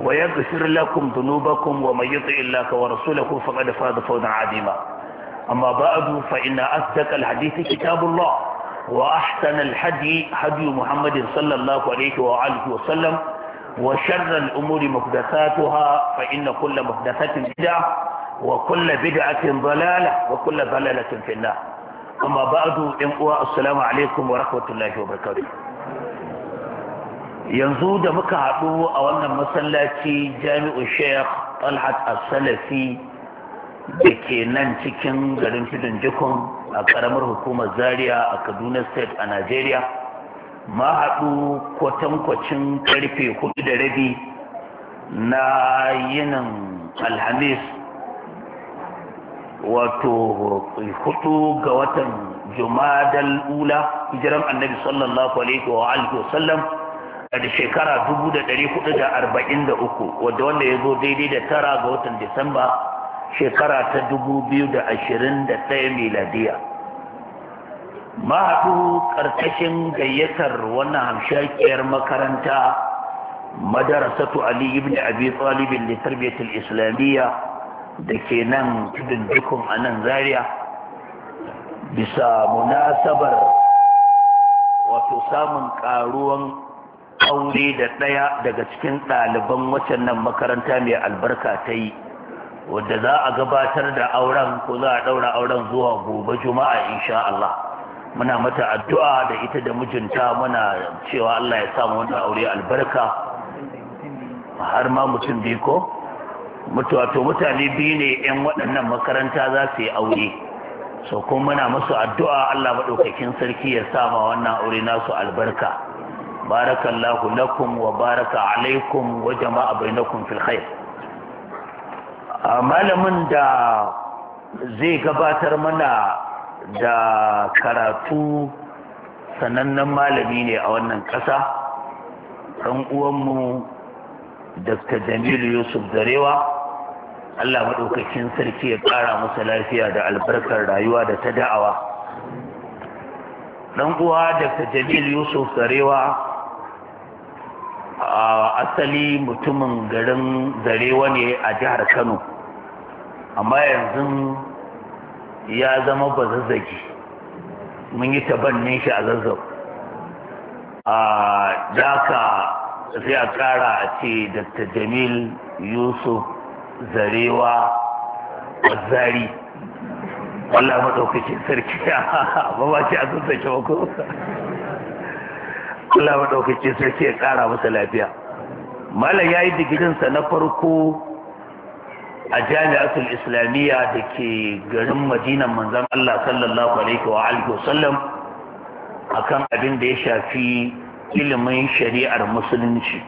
ويغفر لكم ذنوبكم ومن يطع الله ورسوله فقد فاز فوزا عظيما أما بعد فإن أصدق الحديث كتاب الله وأحسن الحدي حدي محمد صلى الله عليه وآله وسلم وشر الأمور محدثاتها فإن كل محدثة بدعة وكل بدعة ضلالة وكل ضلالة في النار أما بعد السلام عليكم ورحمة الله وبركاته yanzu da muka haɗu a wannan masallaci jami'u sheikh talhat as-salafi da ke nan cikin garin tudun jikun a ƙaramar hukumar zaria a kaduna state a nigeria ma haɗu kwatankwacin karfe hudu da rabi na yinin alhamis wato hudu ga watan jumadal ula hijiran annabi sallallahu alaihi wa sallam da shekara 443 wadda wanda ya zo daidai da tara ga watan disamba shekara ta 2021 miladiya mahaɗu ƙarƙashin gayyatar wannan hamshakiyar makaranta madarasatu ali ibn abi talibin da tarbiyyatul islamiyya da ke nan tudun dukun a nan zaria bisa munasabar wato samun ƙaruwan aure da ɗaya daga cikin ɗaliban nan makaranta mai albarka ta yi wadda za a gabatar da auren ko za a ɗaura auren zuwa gobe juma'a insha Allah muna mata addu'a da ita da mijinta muna cewa Allah ya samu wannan aure albarka har ma mutum biyu ko Wato mutane biyu ne 'yan waɗannan makaranta za su yi aure so kuma muna musu addu'a Allah maɗaukakin sarki ya sama wannan aure nasu albarka بارك الله لكم وبارك عليكم وجمع بينكم في الخير malamin da zai gabatar mana da karatu sanannen malami ne a wannan ƙasa ɗan uwanmu dr jamilu yusuf zarewa allah maɗaukakin sarki ya ƙara masa lafiya da albarkar rayuwa da ta da'awa ɗan uwa dr jamilu yusuf zarewa asali mutumin garin zarewa ne a jihar kano amma yanzu ya zama ba mun yi tabannin shi a zazzau a daka sai a kara a ce dr jamil yusuf zarewa wazari wallah maɗaukacin sarki ba ba ce a zazzaki ba ko Allah maɗaukacin sarki ya ƙara masa lafiya malam ya yi digirinsa na farko a jami'atul islamiyya da ke garin madinan manzan Allah sallallahu alaihi wa alihi wasallam akan abin da ya shafi ilimin shari'ar musulunci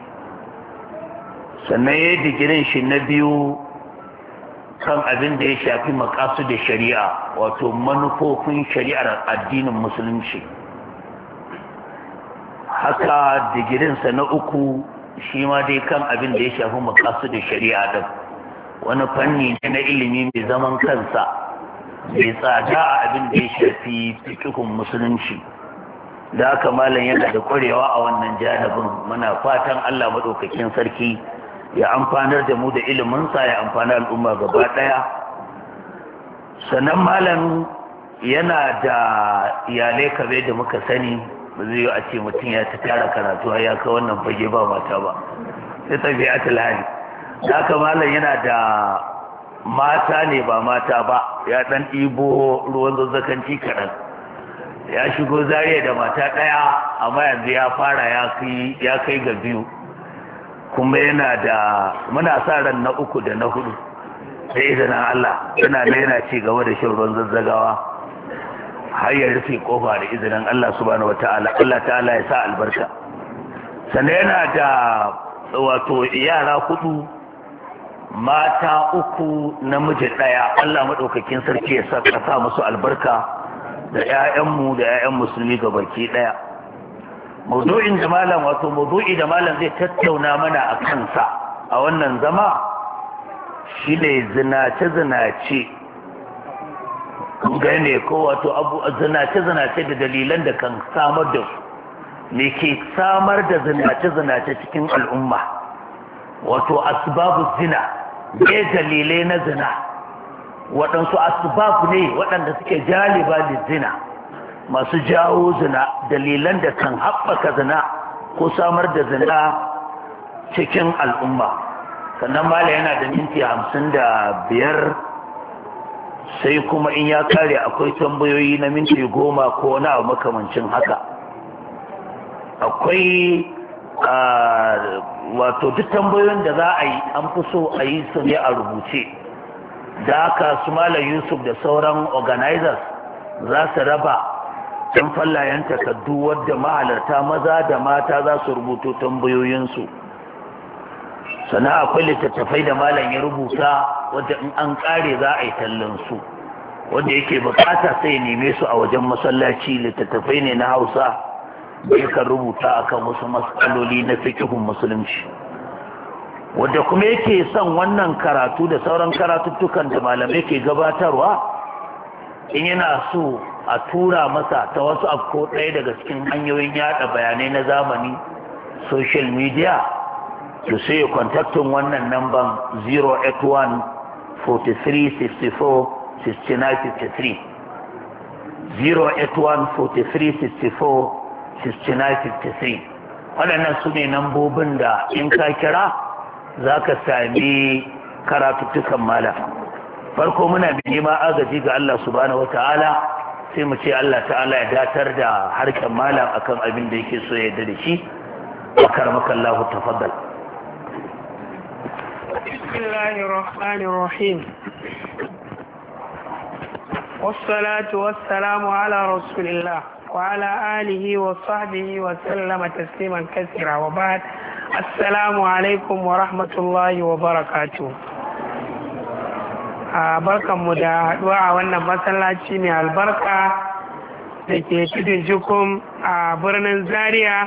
sannan ya yi digirin shi na biyu kan abin da ya shafi makasu da shari'a wato manufofin shari'ar addinin musulunci haka digirinsa na uku shi ma dai kan abin da ya shafi makasu da shari'a din wani fanni ne na ilimi mai zaman kansa mai tsada a abin da ya shafi fikihun musulunci da aka malam yana da kwarewa a wannan janibin muna fatan Allah maɗaukakin sarki ya amfanar da mu da iliminsa ya amfani al'umma gaba ɗaya sannan malam yana da iyalai kabe da muka sani ba zai yi a ce mutum ya ta tara karatu har ya kai wannan fage ba mata ba sai tabi'atul hali haka malam yana da mata ne ba mata ba ya dan ibo ruwan zazzakanci kaɗan ya shigo zariya da mata ɗaya amma yanzu ya fara ya kai ga biyu kuma yana da muna sa ran na uku da na hudu sai idan Allah yana ne yana ci gaba da shan ruwan zazzagawa har ya rufe kofa da izinin Allah subhanahu ta'ala Allah ta'ala ya sa albarka sannan yana da wato yara hudu mata uku namiji daya Allah madaukakin sarki ya sa musu albarka da 'ya'yanmu da 'ya'yan musulmi gabaki daya mawdu'in da malam wato maudu'i da malam zai tattauna mana a kansa a wannan zama shine zinace zinace kun ga ne ko wato abu zinace zinace da dalilan da kan samar da su me ke samar da zinace zinace cikin al'umma wato asibabu zina ne dalilai na zina waɗansu asibabu ne waɗanda suke jaliba da zina masu jawo zina dalilan da kan haɓaka zina ko samar da zina cikin al'umma sannan mala yana da minti hamsin da biyar sai kuma in ya kare akwai tambayoyi na minti goma ko na makamancin haka akwai wato duk tambayoyin da za a yi an fi so a yi su ne a rubuce da aka su malam yusuf da sauran organizers za su raba ɗan fallayen takardu wadda mahalarta maza da mata za su rubuto tambayoyinsu Sana akwai littattafai da malam ya rubuta wanda in an kare za a yi tallan su wanda yake bukata sai neme su a wajen masallaci littattafai ne na hausa da yakan rubuta akan wasu matsaloli na fikihun musulunci wanda kuma yake son wannan karatu da sauran karatuttukan da malamai ke gabatarwa in yana so a tura masa ta wasu afko ɗaya daga cikin hanyoyin yada bayanai na zamani social media to sai wannan namban 081 4364 081 4364 waɗannan su ne nambobin da in ka kira za ka sami karatuttukan farko muna nema agaji ga Allah subhanahu wata'ala sai mu ce Allah ta'ala ya datar da harkar malam akan abin da yake so ya da shi a karamakan lahu tafaddal الله الرحمن الرحيم والصلاة والسلام على رسول الله وعلى آله وصحبه وسلم تسليما كثيرا وبعد السلام عليكم ورحمة الله وبركاته da haɗuwa a wannan masallaci mai albarka da ke cikin jikun a birnin zaria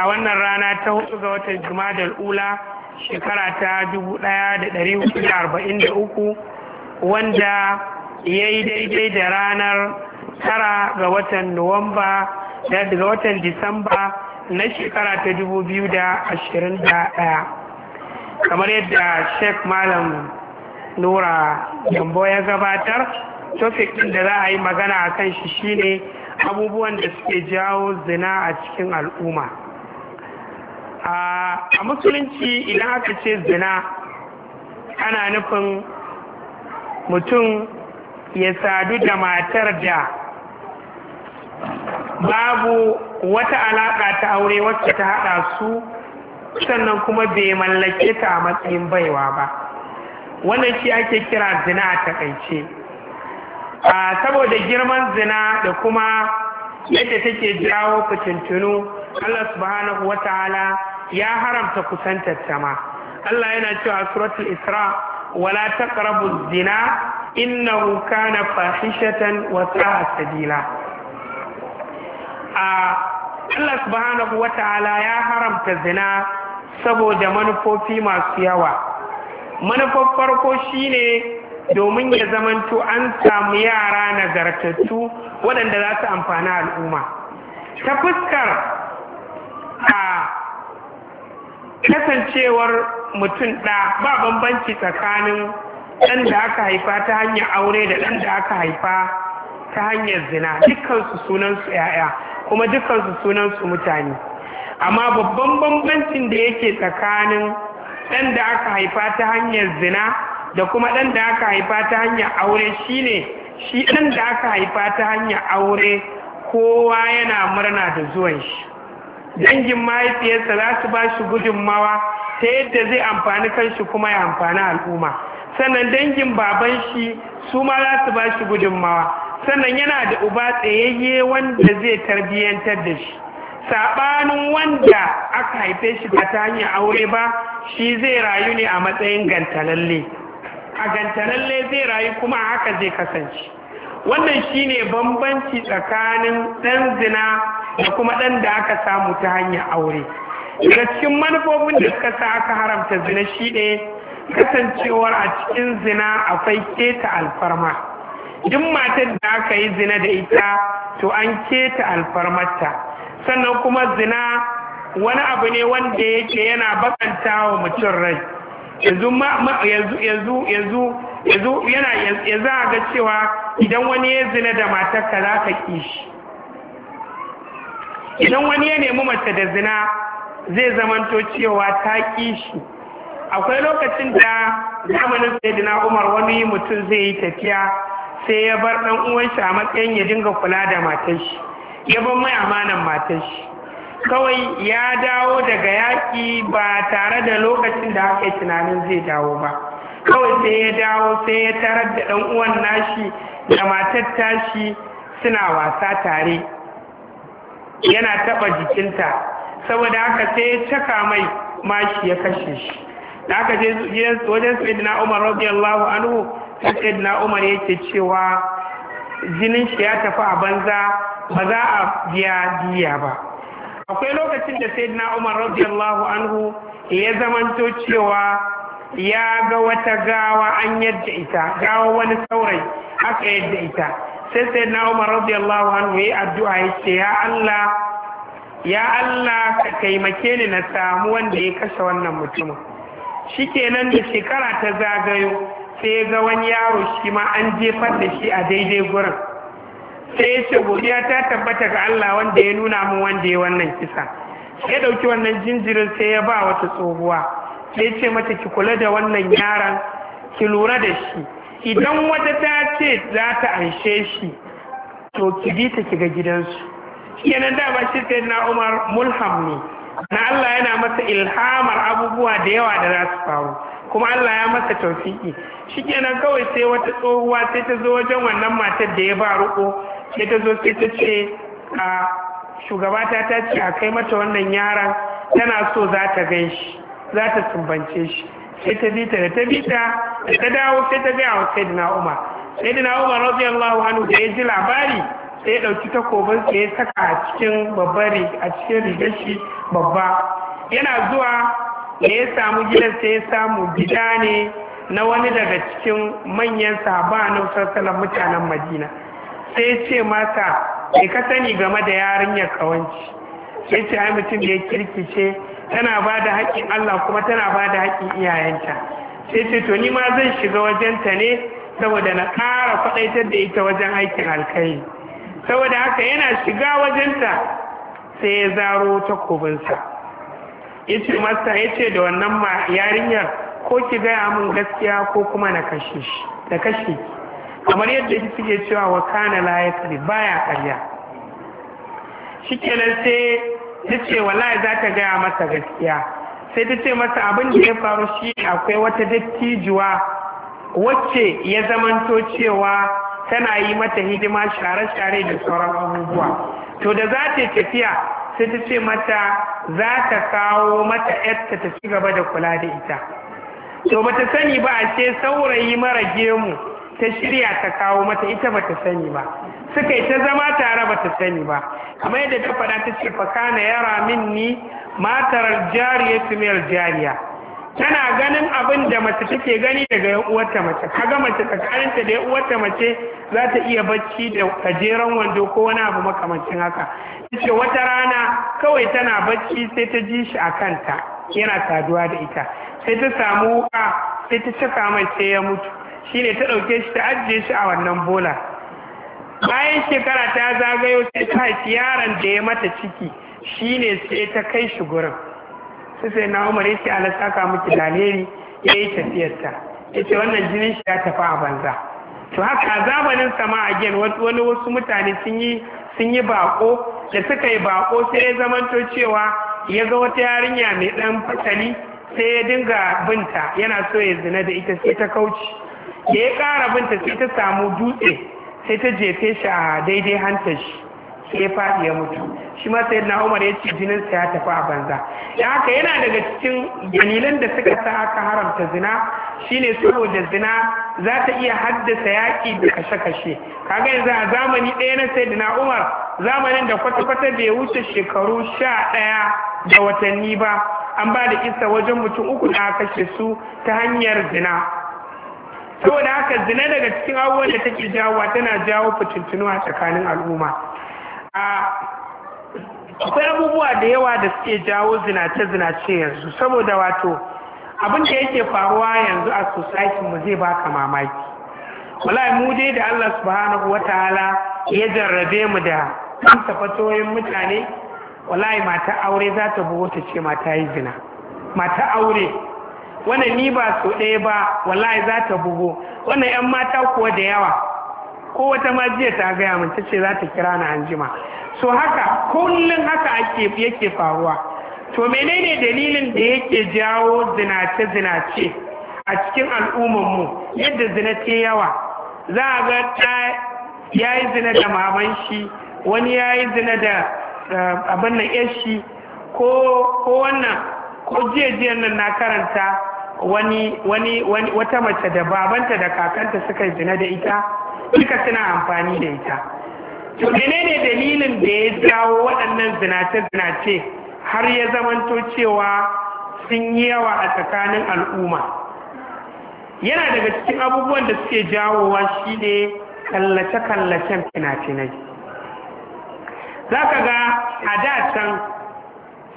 a wannan rana ta hudu ga watan da ula shekara ta uku wanda ya yi daidai da ranar tara ga watan nuwamba daga watan disamba na shekara ta 2021 kamar yadda sheikh malam nura yambo ya gabatar topic ɗin da za a yi magana a kan shi shine abubuwan da suke jawo zina a cikin al'umma a musulunci idan aka ce zina ana nufin mutum ya sadu da matar da babu wata alaƙa ta aure wacce ta haɗa su sannan kuma bai mallake ta a matsayin baiwa ba wannan shi ake kira zina a takaice saboda girman zina da kuma yadda take jawo fitintunu Allah subhanahu ta'ala ya haramta kusantar ta ma Allah yana cewa suratul Isra wala taqrabu zina innahu kana fahishatan wa sa'a sabila a Allah subhanahu ta'ala ya haramta zina saboda manufofi masu yawa manufar farko shine domin ya zamanto an samu yara nagartattu waɗanda za su amfani al'umma ta fuskar a kasancewar mutum ɗa ba bambanci tsakanin ɗan da aka haifa ta hanyar aure da ɗan da aka haifa ta hanyar zina dukkansu sunansu 'ya'ya kuma dukkansu sunansu mutane amma babban bambancin da yake tsakanin ɗan da aka haifa ta hanyar zina da kuma ɗan da aka haifa ta hanyar aure shine shi ɗan da aka haifa ta hanyar aure kowa yana murna da zuwan shi dangin mahaifiyarsa za su ba shi gudunmawa ta yadda zai amfani kanshi kuma ya amfani al'umma sannan dangin baban shi su ma za su ba shi gudunmawa sannan yana da uba tsayayye wanda zai tarbiyyantar da shi saɓanin wanda aka haife shi ba ta hanyar aure ba shi zai rayu ne a matsayin gantalalle a gantalalle zai rayu kuma haka zai kasance wannan shine bambanci tsakanin ɗan zina da kuma ɗan da aka samu ta hanyar aure daga cikin manufofin da suka sa aka haramta zina shi ne kasancewar a cikin zina akwai keta alfarma duk matar da aka yi zina da ita to an keta alfarmarta sannan kuma zina wani abu ne wanda yake yana bakanta wa mutum rai yanzu yanzu ga cewa idan wani ya zina da matarka za ka kishi. idan wani ya nemi mace da zina zai zamanto cewa ta kishi. akwai lokacin da zamanin dina umar wani mutum zai yi tafiya sai ya bar ɗan uwanshi a matsayin ya dinga kula da matar shi ya bar mai amanan matar shi kawai ya dawo daga yaƙi ba tare da lokacin da aka yi tunanin zai dawo ba kawai sai ya dawo sai ya tarar da ɗan uwan nashi da matar tashi suna wasa tare yana taɓa jikinta saboda haka sai ya caka mai mashi ya kashe shi da aka je wajen sayyidina umar radiyallahu anhu sayyidina umar yake cewa jinin shi ya tafi a banza ba za a biya diya ba akwai lokacin da sayyidina Umar radiyallahu anhu ya zamanto cewa ya ga wata gawa an yadda ita gawa wani saurayi aka yadda ita sai sayyidina Umar radiyallahu anhu yi addu'a yace ya Allah ya Allah ka taimake ni na samu wanda ya kashe wannan mutumin shikenan da shekara ta zagayo sai ga wani yaro shi ma an jefar da shi a daidai gurin sai ya ce godiya ta tabbata ga Allah wanda ya nuna mu wanda ya wannan kisa ya dauki wannan jinjirin sai ya ba wata tsohuwa ya ce mata ki kula da wannan yaran ki lura da shi idan wata ta ce za ta anshe shi to ki bi ta ki ga gidansu kenan da ba shi sai na Umar mulham ne na Allah yana masa ilhamar abubuwa da yawa da za su faru kuma Allah ya masa taufiki kenan kawai sai wata tsohuwa sai ta zo wajen wannan matar da ya ba ruko sai ta zo sai ta ce a shugabata ta ce a kai mata wannan yaran tana so za ta gan shi za ta sumbance shi sai ta bita da ta bita da ta dawo sai ta gaya wa sayyidina umar sayyidina umar radiyallahu anhu da ya ji labari sai ya ɗauki takobin sai ya saka a cikin babbar a cikin rigar shi babba yana zuwa da ya samu gidan sai ya samu gida ne na wani daga cikin manyan sahaba na mutanen madina sai ce mata me ka sani game da yarinyar kawanci sai ce ai mutum da ya kirkice tana ba da haƙƙin Allah kuma tana ba da haƙƙin iyayenta sai ce to ni ma zan shiga wajenta ne saboda na ƙara faɗaitar da ita wajen aikin alkai saboda haka yana shiga wajenta sai ya zaro takobinsa ya ce masa ya ce da wannan yarinyar ko ki gaya min gaskiya ko kuma na kashe shi kashe ki kamar yadda suke cewa wa kana la baya karya. shikenan sai ta ce wallahi za ta gaya masa gaskiya sai ta ce masa abin da ya faru shi akwai wata dattijuwa wacce ya zamanto cewa tana yi mata hidima share-share da sauran abubuwa to da za ta tafiya sai ta ce mata za ta kawo mata yarta ta ci gaba da kula da ita to bata sani ba a ce saurayi mara gemu ta shirya ta kawo mata ita bata sani ba suka yi ta zama tare bata sani ba kamar yadda ta faɗa ta ce fakana yara min ni matar jariya mai jariya tana ganin abin da mace take gani daga yan uwarta mace kaga mace tsakaninta da yan uwarta mace za ta iya bacci da gajeren wando ko wani abu makamancin haka ce wata rana kawai tana bacci sai ta ji shi a kanta yana saduwa da ita sai ta samu wuka sai ta cika mai sai ya mutu Shi ne ta ɗauke shi ta ajiye shi a wannan bola bayan shekara ta zagayo sai ta haifi yaron da ya mata ciki shi ne sai ta kai shi gurin su sai na umar ya ce ala saka miki daleri ya yi tafiyarta ya ce wannan jinin shi ya tafi a banza to haka a zamanin sama a gen wani wasu mutane sun yi sun yi bako da suka yi baƙo, sai ya zamanto cewa ya ga wata yarinya mai ɗan fatali sai ya dinga binta yana so ya zina da ita sai ta kauce ya ƙara binta sai ta samu dutse sai ta jefe shi a daidai hantar shi sai ya faɗi ya mutu shi ma sai na umar ya ce jininsa ya tafi a banza ya haka yana daga cikin dalilan da suka sa aka haramta zina shine saboda zina za ta iya haddasa yaƙi da kashe-kashe kaga yanzu a zamani ɗaya na sai na umar zamanin da kwata-kwata bai wuce shekaru sha ɗaya da watanni ba an ba da isa wajen mutum uku da aka kashe su ta hanyar zina saboda haka zina daga cikin abubuwan da take jawowa tana jawo fitintunu a tsakanin al'umma a akwai abubuwa da yawa da suke jawo zinace-zinace yanzu saboda wato abin da yake faruwa yanzu a society mu zai baka mamaki wallahi mu dai da Allah subhanahu wataala ya jarrabe mu da kan tafatoyin mutane wallahi mata aure za ta bugo ta ce mata yi zina mata aure wannan ni ba su ɗaya ba wallahi za ta bugo wannan 'yan mata kuwa da yawa ko wata ma jiya ta gaya min ta ce za ta kira na anjima so haka kullum haka ake yake faruwa to menene dalilin da yake jawo zinace zinace a cikin mu yadda zina yawa za a ga ta ya yi zina da maman shi wani ya yi zina da eh, abin nan shi ko wannan ko jiya nan na karanta wani wani wata mace da babanta da kakanta suka yi zina da ita duka suna amfani da ita to menene dalilin da ya jawo waɗannan zinace zinace har ya zamanto cewa sun yi yawa a tsakanin al'umma yana daga cikin abubuwan da suke jawowa shine kallace-kallacen fina-finai za ka ga a da can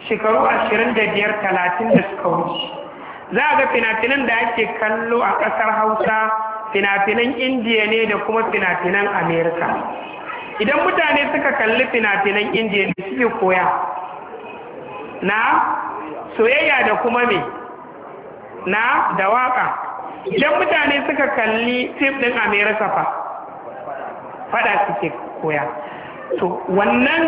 shekaru 25-30 da suka wuce za a ga finafinan da ake kallo a ƙasar hausa finafinan indiya ne da kuma finafinan amerika idan mutane suka kalli finafinan indiya ne suke koya na soyayya da kuma me na da waƙa, idan mutane suka kalli fim ɗin amerika fa fada suke koya to wannan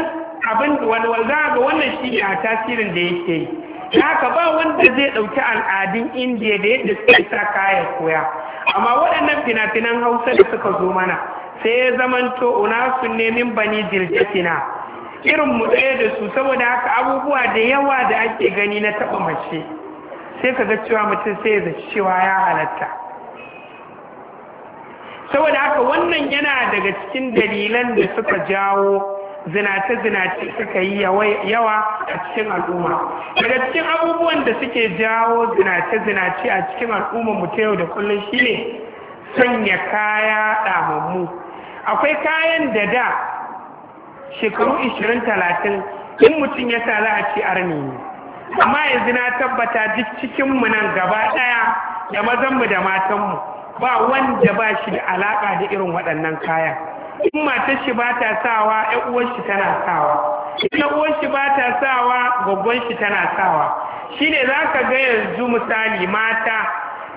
abin wanda za ga wannan shi a tasirin da yake yi da haka ba wanda zai ɗauki al'adun indiya da yadda suka sa kayan koya amma waɗannan fina-finan hausa da suka zo mana sai ya zamanto unasun nemin bani jirjatina irin mu ɗaya da su saboda haka abubuwa da yawa da ake gani na taɓa mace sai ka ga cewa mutum sai ya zaci cewa ya halatta saboda haka wannan yana daga cikin dalilan da suka jawo zinace-zinace suka yi yawa a cikin al'umma daga cikin abubuwan da suke jawo zinace-zinace a cikin al'umma mu ta yau da kullum shine sanya kaya damammu akwai kayan da da shekaru 20-30 in mutum ya sa za a ce arni ne amma yanzu na tabbata duk cikinmu nan gaba ɗaya da mazanmu da matanmu ba wanda ba shi da alaƙa da irin waɗannan kayan in matar shi ba ta sawa ƴan uwan shi tana sawa in uwan shi ba ta sawa gwaggon shi tana sawa Shi ne za ka ga yanzu misali mata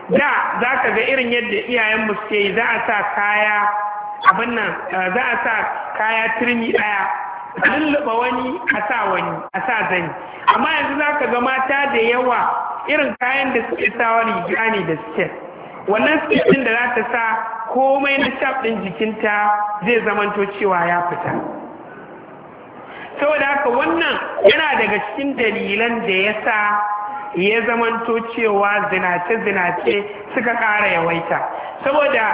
da za ka ga irin yadda iyayen mu suke yi za a sa kaya abin nan eh, za a sa kaya turmi daya lullaba wani a sa wani a sa zani amma yanzu za ka ga mata da yawa irin kayan da suke sawa riga ne da siket wannan sikin da za ta sa komai na shaf ɗin jikinta zai zamanto cewa ya fita saboda haka wannan yana daga cikin dalilan da ya sa ya zamanto cewa zinace-zinace suka ƙara yawaita saboda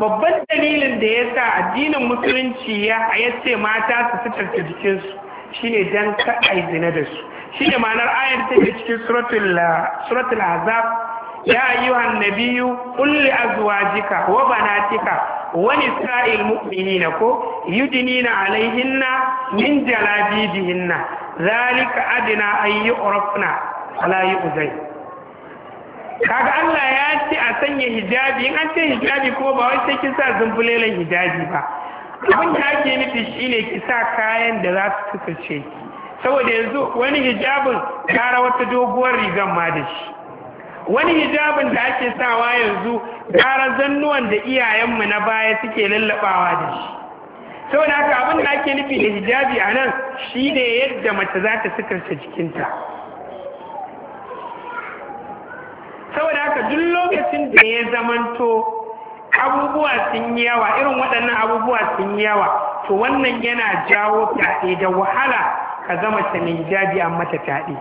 babban dalilin da ya sa addinin musulunci ya ce mata su fitarta jikinsu shine don kaɗai zina da su shine ma'anar ayar take cikin suratul azab يا أيها النبي قل لأزواجك وبناتك ونساء المؤمنين يدنين عليهن من جلابيبهن ذلك أدنى أن يعرفن فلا يؤذين kaga Allah ya ce a sanya hijabi in an ce hijabi ko ba wai sai kin sa zumbulelan hijabi ba abin da ake nufi shine ki sa kayan da za su tukace saboda yanzu wani hijabin gyara wata doguwar rigan ma da shi wani hijabin da ake sawa yanzu gara zannuwan da iyayenmu na baya suke lallabawa da shi saboda haka abin da ake nufi da hijabi a nan shi ne yadda mace za ta sukarsa jikinta saboda haka duk lokacin da ya zamanto abubuwa sun yi yawa irin waɗannan abubuwa sun yi yawa to wannan yana jawo fyaɗe da wahala ka zama ta mai hijabi an mata fyaɗe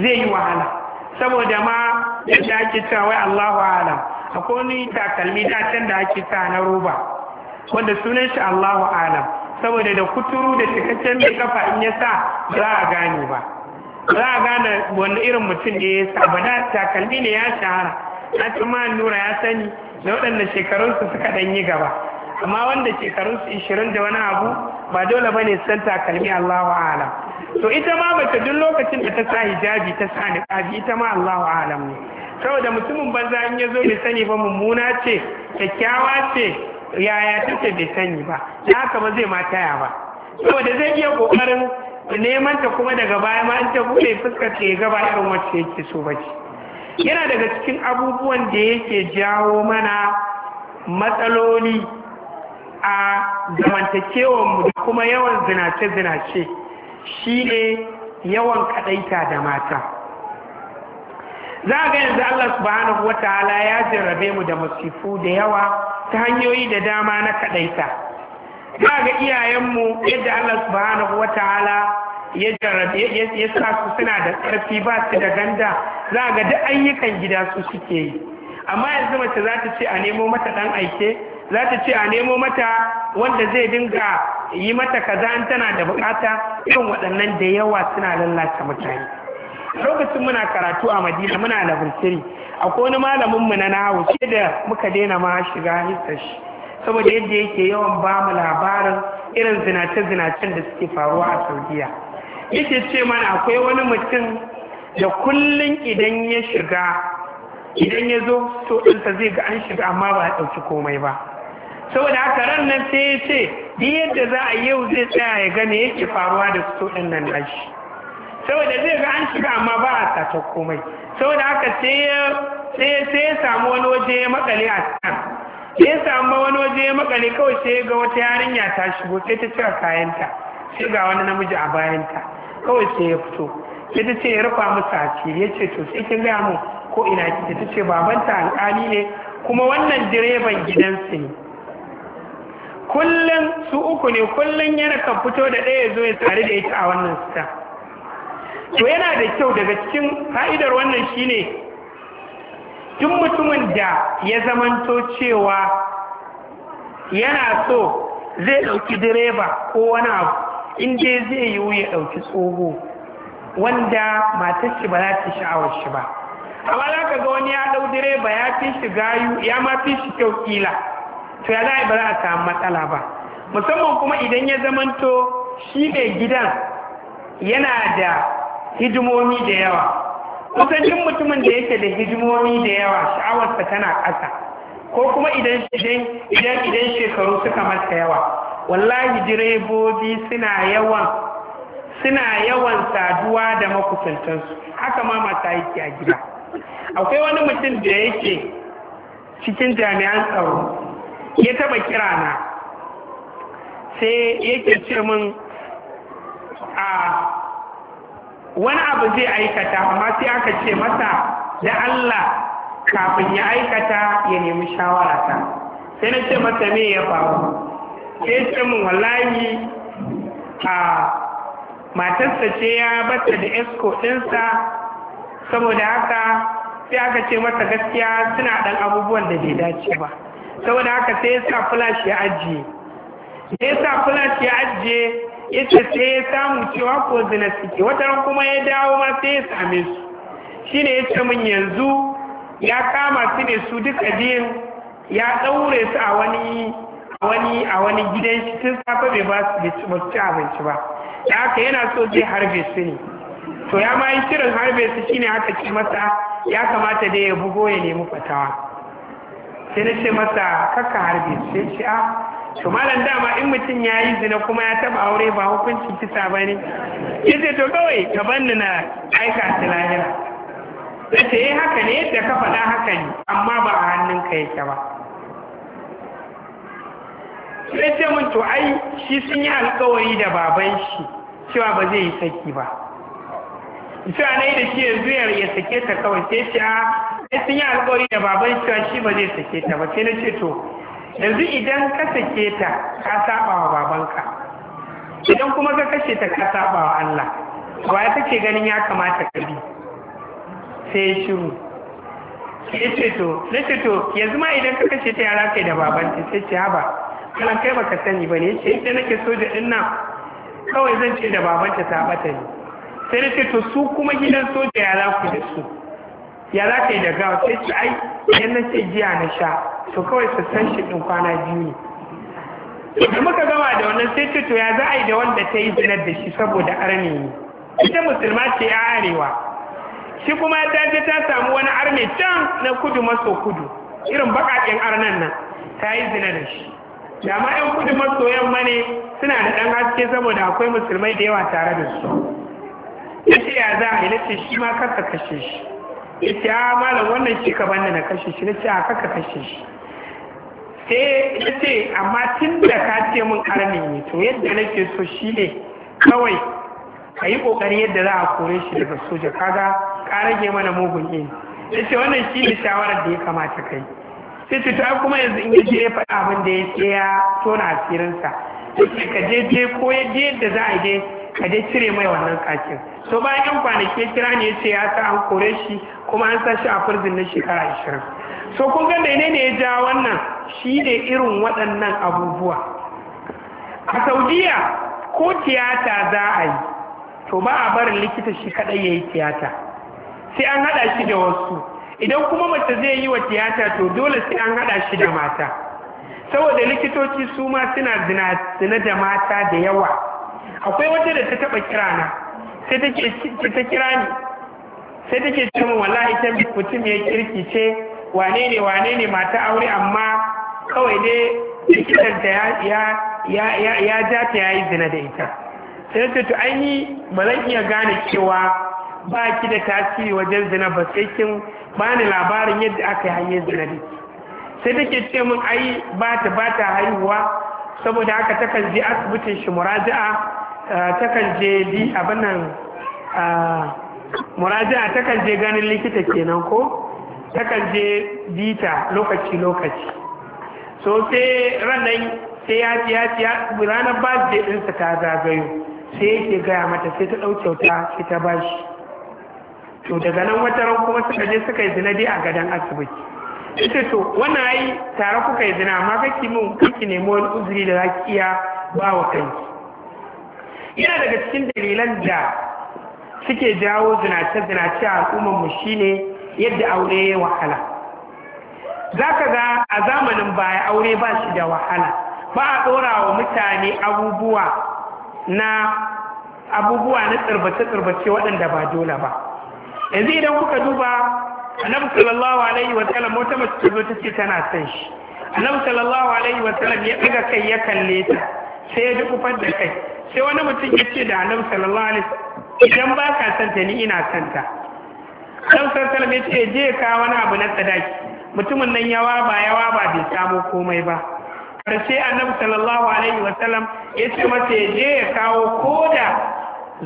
zai yi wahala saboda ma yadda ake cewa wai Allahu alam akwai wani takalmi da can da ake sa na roba wanda sunan shi Allahu alam saboda da kuturu da cikakken mai kafa in ya sa za a gane ba za a gane wanda irin mutum da ya sa ba da takalmi ne ya shahara na tuma nura ya sani da waɗanda shekarunsu suka ɗan yi gaba amma wanda shekarunsu ishirin da wani abu ba dole ba ne san takalmi Allahu alam to ita ma mace duk lokacin da ta sa hijabi ta sa niqabi ita ma Allahu a'lam ne saboda mutumin banza in ya zo bai sani ba mummuna ce kyakkyawa ce yaya take bai sani ba da haka ba zai ma taya ba saboda zai iya kokarin neman ta kuma daga baya ma in ta bude fuskar ta ga gaba irin wacce yake so bace yana daga cikin abubuwan da yake jawo mana matsaloli a zamantakewanmu da kuma yawan zinace-zinace shi ne yawan kadaita da mata za ga yanzu Allah subhanahu wataala ya jarrabe mu da masifu da yawa ta hanyoyi da dama na kadaita za ga iyayenmu yadda Allah subhanahu wataala ya jarrabe ya sa su suna da tsarfi ba su da ganda za ga duk ayyukan gida su suke yi amma yanzu mace za ta ce a nemo mata ɗan aike za ta ce a nemo mata wanda zai dinga yi mata kaza an tana da bukata irin waɗannan da yawa suna lallata mutane lokacin muna karatu a madina muna labartiri akwai wani malamin mu na nahawu sai da muka daina ma shiga hisashi? saboda yadda yake yawan ba mu labarin irin zinace-zinacen da suke faruwa a saudiya yake ce mana akwai wani mutum da kullum idan ya shiga idan ya zo so ɗinsa zai ga an shiga amma ba a ɗauki komai ba saboda haka ran nan sai ya ce duk yadda za a yau zai tsaya ya gane yake faruwa da su ɗin nan nashi saboda zai ga an shiga amma ba a sata komai saboda haka sai ya samu wani waje ya makale a can ya samu wani waje ya makale kawai sai ga wata yarinya ta shigo sai ta cika kayanta sai ga wani namiji a bayanta kawai sai ya fito sai ta ce ya rufa musu asiri ya ce to sai kin gaya mu ko ina kike ta ce babanta alƙali ne kuma wannan direban gidansu ne kullum su uku ne kullum yana kan fito da ɗaya zuwa ya da ita a wannan sita to yana da kyau daga cikin fa'idar wannan shine tun mutumin da ya zamanto cewa yana so zai ɗauki direba ko wani abu inda zai yiwu ya ɗauki tsoho wanda matar shi ba za ta sha'awar shi ba amma za ka ga wani ya ɗau direba ya fi shi gayu ya ma fi shi kyau kila to ya za'a ba za a samu matsala ba musamman kuma idan ya zamanto shi mai gidan yana da hidimomi da yawa kusancin mutumin da yake da hidimomi da yawa sha'awarsa tana ƙasa ko kuma idan idan shekaru suka masa yawa wallahi direbobi suna yawan suna yawan saduwa da makusantansu haka ma mata yake a gida akwai wani mutum da yake cikin jami'an tsaro ya taba kira na sai yake ce min a wani abu zai aikata amma sai aka ce masa da Allah kafin ya aikata ya nemi shawara ta sai na ce masa me ya faru sai ce min wallahi a matarsa ce ya bata da esko ɗinsa saboda haka sai aka ce masa gaskiya suna ɗan abubuwan da bai dace ba saboda haka sai ya sa flash ya ajiye ya sa flash ya ajiye ya ce sai ya samu cewa ko zina suke wata kuma ya dawo ma sai ya same su shi ne ya ce min yanzu ya kama su ne su duka biyun ya ɗaure su a wani wani a wani gidan shi tun safe bai ba su ba su ci abinci ba da haka yana so zai harbe su ne to ya ma yi shirin harbe su shine haka ki masa ya kamata da ya bugo ya nemi fatawa sai na ce masa kakka harbe sai ce a ah, to malam dama in mutum ya yi zina kuma ya taba aure ba hukunci kisa ba ne ya ce to kawai ka banni na aika ta lahira ya ce yi eh, haka ne yadda ka faɗa haka ne amma ba a ka yake ba sai ce mun to ai shi sun yi alkawari da baban shi cewa ba zai yi saki ba cewa na yi da shi yanzu ya sake ta kawai sai ce a ah, sai sun yi alƙawari da baban cewa shi ba zai sake ta ba sai na ce to yanzu idan ka sake ta ka saba wa babanka idan kuma ka kashe ta ka saba wa Allah wa ya kake ganin ya kamata ka bi sai shiru ya ce to na ce to yanzu ma idan ka kashe ta yara kai da babanta sai ce haba kalan kai baka sani ba ne ya ce ita nake soja din nan kawai zan ce da babanta ta bata ne sai na ce to su kuma gidan soja ya za ku da su ya za ka yi da gawa sai ce ai idan na ce jiya na sha to kawai su san shi ɗin kwana biyu ne da muka gama da wannan sai ce to ya za a yi da wanda ta yi zinar da shi saboda arme ne ita musulma ce ya arewa shi kuma ta je ta samu wani arme can na kudu maso kudu irin baƙaƙen arnan nan ta yi zina da shi da ma 'yan kudu maso yamma ne suna da ɗan haske saboda akwai musulmai da yawa tare da su ya ce ya za a yi na ce shi ma kasa kashe shi yace a malam wannan shi ka banda na kashe shi nace a kaka kashe shi sai yace amma tun da ka ce min karni ne to yadda nake so shi ne kawai ka yi kokari yadda za a kore shi daga soja kaga ka rage mana mugun ini yace wannan shi ne shawarar da ya kamata kai sai ce ta kuma yanzu in yaje ya faɗa abin da ya ce ya tona asirinsa yace ka je je ko yadda za a je ka je cire mai wannan kakin so bayan kwanaki ya kira ne ya ce ya sa an kore shi kuma an sa shi a firzin na shekara ashirin so kun ga ne ya ja wannan shi ne irin waɗannan abubuwa a saudiya ko tiyata za a yi to ba a barin likita shi kaɗai ya yi tiyata sai an haɗa shi da wasu idan kuma mace zai yi wa tiyata to dole sai an haɗa shi da mata saboda likitoci su ma suna zina da mata da yawa akwai wata da ta taɓa kirana sai ta kira ni sai take ce min wallahi ta mutum ya kirki ce wane ne wane ne mata aure amma kawai ne likitanta ta ya ja ta yayi zina da ita sai ta to ainihi ba zan iya gane cewa ba ki da tasiri wajen zina ba sai kin ni labarin yadda aka yi hanyar zina da sai take ce min ai ba ta ba ta haihuwa saboda haka takan je asibitin shi muraja'a eh, takan je bi abin nan ah, muraja takan je ganin likita kenan ko takan je bita lokaci lokaci so sai ranar sai ya ci ya ci ya ranar ba je ɗinsa ta zagayo sai yake gaya mata sai ta ɗauke wuta sai ta bashi to daga nan wata ran kuma suka je suka yi zina dai a gadon asibiti ita to wannan ai tare kuka yi zina amma kake mun kake nemo wani uzuri da za ki iya ba wa kanki yana daga cikin dalilan da suke jawo zinace-zinace a mu shine yadda aure ya wahala za ka ga a zamanin baya aure ba shi da wahala ba a ɗora wa mutane abubuwa na abubuwa na tsirbace-tsirbace waɗanda ba dole ba yanzu idan kuka duba annabi sallallahu alaihi wa sallam wata mace ta zo ta ce tana son shi annabi sallallahu alaihi wa sallam ya ɗaga kai ya kalle ta sai ya ji kufar da kai sai wani mutum ya ce da annabi sallallahu alaihi idan ba ka santa ni ina santa dan sassalam ya ce je ka wani abu na sadaki mutumin nan yawa ba yawa ba bai samu komai ba karshe annabi sallallahu alaihi sallam ya ce masa ya je ya kawo ko da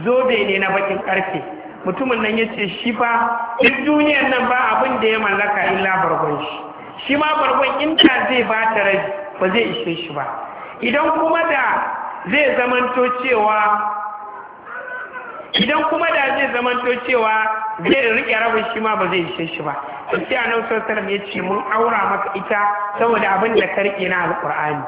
zobe ne na bakin karfe mutumin nan ya ce shi fa duk duniyar nan ba abin da ya mallaka illa bargon shi shi ma bargon ta zai ba ta rai ba zai ishe shi ba idan kuma da zai zamanto cewa idan kuma da zai zamanto cewa zai rike rabin shi ma ba zai ishe shi ba sai sai sallallahu ya ce mun aura maka ita saboda abin da ka rike na alqur'ani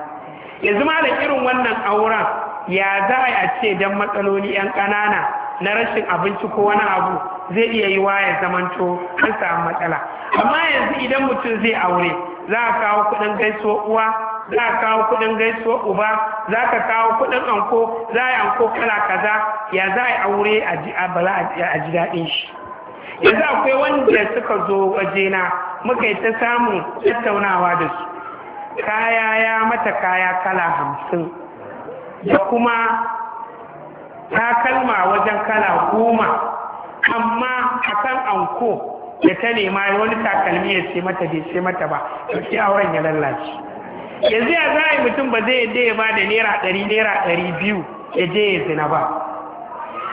yanzu ma da irin wannan auren ya za a ce dan matsaloli yan ƙanana na rashin abinci ko wani abu zai iya yi wa ya zamanto an samu matsala amma yanzu idan mutum zai aure za a kawo kuɗin gaisuwa uwa za a kawo kuɗin gaisuwa uba za ka kawo kuɗin anko za a yi anko kala kaza ya za a yi aure a bala a ji daɗin shi yanzu akwai wanda suka zo wajena muka yi ta samun tattaunawa da su kaya ya mata kaya kala hamsin da kuma takalma wajen kala goma amma akan anko da ta nema wani takalmi ya ce mata bai ce mata ba ɗauki auren ya lallace yanzu ya za a yi mutum ba zai yadda ya ba da naira ɗari naira ɗari biyu ya je ya zina ba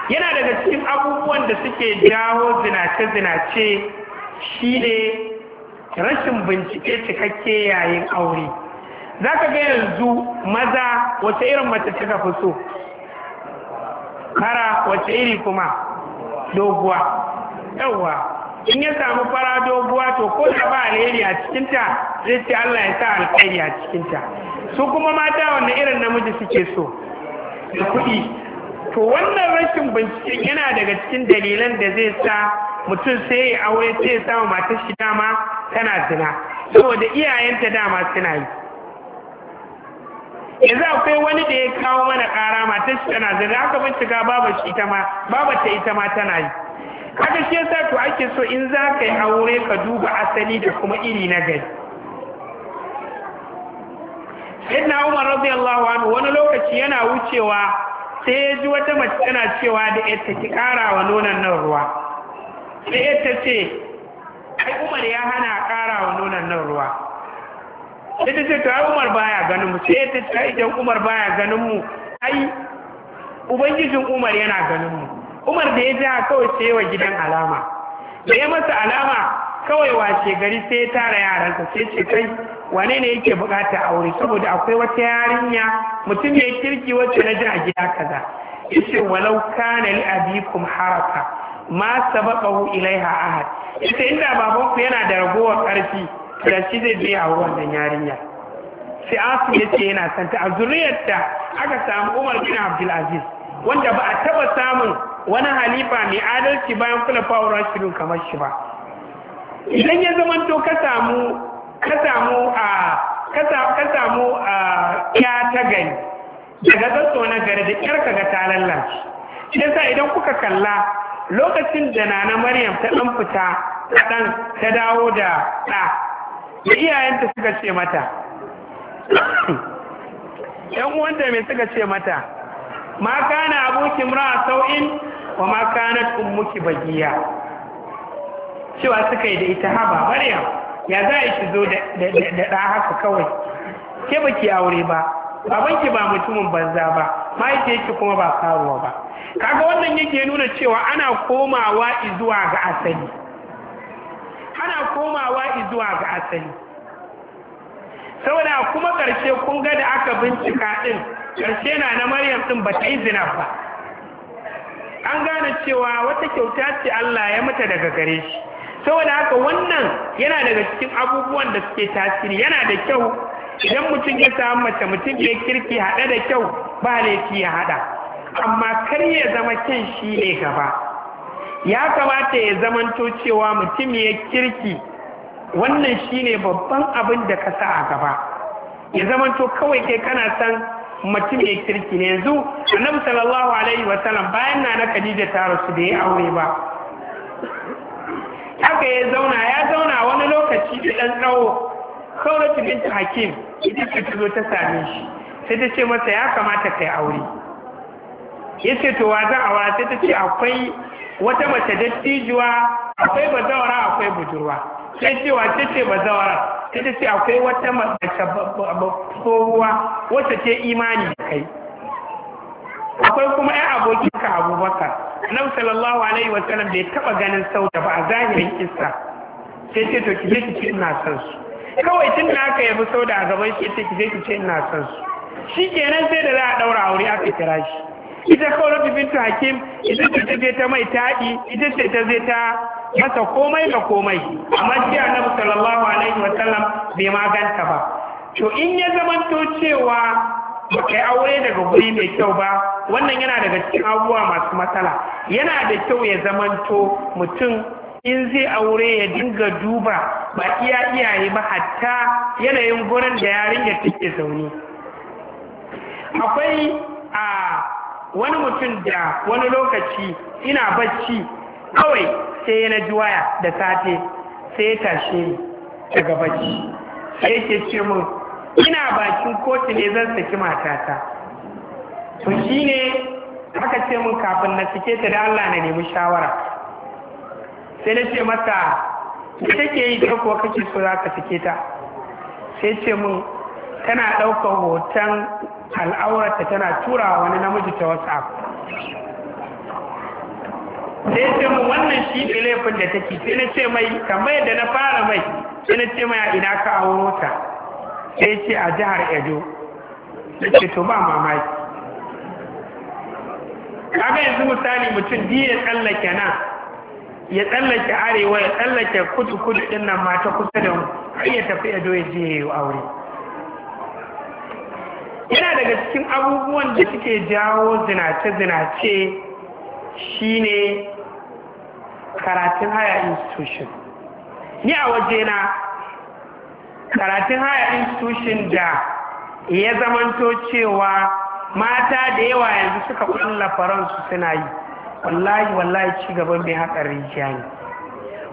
yana daga cikin abubuwan da suke jawo zinace-zinace shi ne rashin bincike cikakke yayin aure za ka ga yanzu maza wace irin mace cika fi so kara wace iri kuma doguwa yawwa in ya samu fara doguwa to ko da ba alheri a cikinta zai ce Allah ya sa alheri a cikinta su kuma mata wanne irin namiji suke so da kuɗi to wannan rashin bincike yana daga cikin dalilan da zai sa mutum sai ya aure sai ya samu matar shi dama tana zina saboda iyayenta dama suna yi yanzu akwai wani da ya kawo mana ƙara matar shi tana zina aka bincika babar ita ma tana yi haka shi yasa to ake so in za ka yi aure ka duba asali da kuma iri na gari sayyidina umar radiyallahu anhu wani lokaci yana wucewa sai ya ji wata mace tana cewa da ita ki kara wa nonon nan ruwa sai ita ce ai umar ya hana a kara wa nonon nan ruwa sai ta ce to ai umar baya ganin mu sai ita ce ai idan umar baya ganin mu ai ubangijin umar yana ganin mu umar da ya ji kawai sai wa gidan alama da ya masa alama kawai washe gari sai ya tara yaransa sai ce kai wane ne yake bukata aure saboda akwai wata yarinya mutum ya kirki wacce na ji a gida kaza ishe walau kana li abikum haraka ma sabaqahu ilaiha ahad ita inda babanku yana da ragowar karfi da shi zai je a wannan yarinya sai asu ce yana santa a zuriyarta aka samu Umar bin Abdulaziz wanda ba a taba samun wani halifa mai adalci bayan kula fa'ura shirin kamar shi ba idan ya zama to ka samu a ka ta gari daga zasso na gari da kyar ka ga ta lallace idan sa idan kuka kalla lokacin da nana maryam ta dan fita ta dan ta dawo da ɗa da iyayenta suka ce mata yan uwanta me suka ce mata ma kana abokin ra'a sau'in wa ma kanat ummuki bagiya cewa suka yi da ita haba maryam ya za a zo da da haka kawai ke baki aure ba babanki ba mutumin banza ba yake kuma ba karuwa ba kaga wannan yake nuna cewa ana komawa zuwa ga asali ana komawa zuwa ga asali saboda kuma ƙarshe kun ga da aka bincika ɗin ƙarshe na na maryam ɗin ba ta yi zina ba nuna cewa wata kyauta ce Allah ya mata daga gare shi saboda haka wannan yana daga cikin abubuwan da suke tasiri yana da kyau idan mutum ya samu mace mutum ya kirki haɗe da kyau ba laifi ya haɗa amma kar ya zama kyan shi ne gaba ya kamata ya zamanto cewa mutum ya kirki wannan shi ne babban abin da ka sa a gaba ya zamanto kawai kai kana san mutum ya kirki ne yanzu annabi sallallahu alaihi wa sallam bayan na na Khadija ta rasu da ya aure ba haka ya zauna ya zauna wani lokaci da dan tsawo kawai binti hakim idan ka zo ta same shi sai ta ce masa ya kamata kai aure ya ce to wa zan sai ta ce akwai wata mace dattijuwa akwai bazawara akwai budurwa sai ce wace ce bazawara sai ta ce akwai wata mace tsohuwa wacce ce imani da kai akwai kuma ya abokin ka abubakar annabi sallallahu alaihi wa sallam bai taba ganin da ba a zahirin isa sai ce to ki je ki ce ina son su kawai tun da aka yabi sauda a gaban shi ce ki ki ce ina son su shi kenan sai da za a ɗaura aure aka kira shi ita kawai bintu hakim ita ce ta zai ta mai taɗi ita ce ta zai ta masa komai da komai amma shi na sallallahu alaihi wa sallam bai maganta ba to in ya zamanto cewa ba kai aure daga guri mai kyau ba wannan yana daga cikin abubuwa masu matsala yana da kyau ya zamanto mutum in zai aure ya dinga duba ba iya iyaye ba hatta yanayin gurin da yarinyar take zaune akwai a ah, wani mutum da wani lokaci ina bacci kawai sai na ji waya da safe sai ya tashe ni daga bacci sai yake ce min ina bakin kotu ne zan saki matata to shine aka ce mun kafin na sike ta da Allah na nemi shawara sai na ce masa me take yi da kuwa kake so za ka sike ta sai ce min tana ɗaukar hoton al'aurarta tana tura wani namiji ta whatsapp sai ce mu wannan shi ne laifin da take sai na ce mai tambayar da na fara mai sai na ce mai a ina ka auro wata sai ce a jihar edo na ce to ba mamaki kaga yanzu misali mutum biyu ya tsallake nan ya tsallake arewa ya tsallake kudu kudu din nan mata kusa da mu har ya tafi edo ya je ya yi aure yana daga cikin abubuwan da suke jawo zinace-zinace shine karatun haya institution ni a wajena karatun haya institution da ya zamanto cewa mata da yawa yanzu suka kulla faransu suna yi wallahi wallahi ci gaban mai haƙar rijiya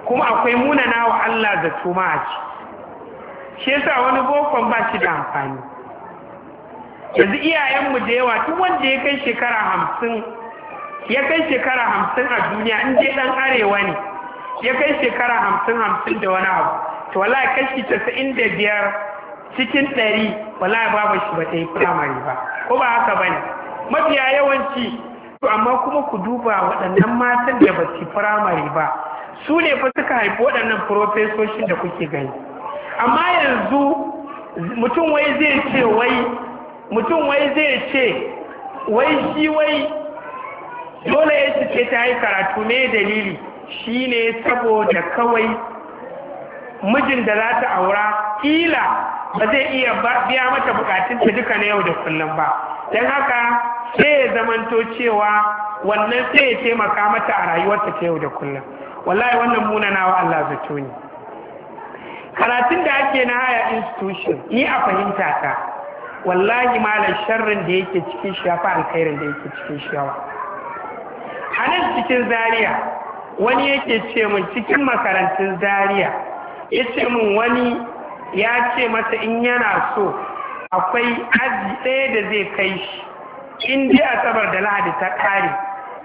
kuma akwai munana wa Allah da tuma a ci shi yasa wani bokon ba shi da amfani yanzu iyayenmu da yawa tun wanda ya kai shekara hamsin ya kai shekara hamsin a duniya in dai dan arewa ne ya kai shekara hamsin hamsin da wani abu to wala kashi casa'in da biyar cikin ɗari wallahi babu shi ba ta yi firamare ba ko ba haka ba ne mafiya yawanci to amma kuma ku duba waɗannan matan da ba su firamare ba su ne fa suka haifi waɗannan furofesoshin da kuke gani amma yanzu mutum wai zai ce wai mutum wai zai ce wai shi wai dole ya ce ta yi karatu ne dalili shi ne saboda kawai mijin da za ta aura ƙila ba zai iya biya mata bukatunta duka na yau da kullum ba don haka sai ya zamanto cewa wannan sai ya taimaka mata a rayuwarta ta yau da kullum wallahi wannan munanawa Allah zato ne karatun da ake na haya institution ni a fahimta ta wallahi malam sharrin da yake cikin shi ya fa alkhairin da yake cikin shi yawa nan cikin Zariya, wani yake ce min cikin makarantun Zariya, ya ce min wani ya ce masa in yana so akwai aji ɗaya da zai kai shi in dai asabar da lahadi ta ƙare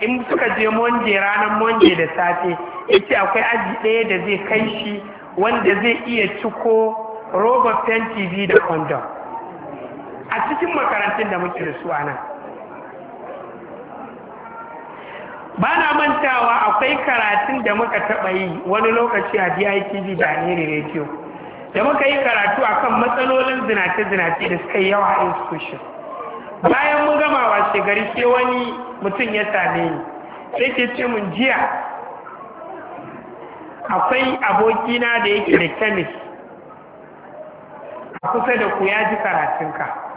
in suka je monje ranar monje da safe ya ce akwai aji ɗaya da zai kai shi wanda zai iya ciko roba fenti biyu da kondom a cikin makarantun da muke da su a nan ba na mantawa akwai karatun da muka taɓa yi wani lokaci a DITV da Aniri Radio da muka yi karatu a kan matsalolin zinace-zinace da suka yi yawa a institution bayan mun gama wa gari ke wani mutum ya same ni sai ke ce mun jiya akwai abokina da yake da kemis a kusa da ku ya ji karatunka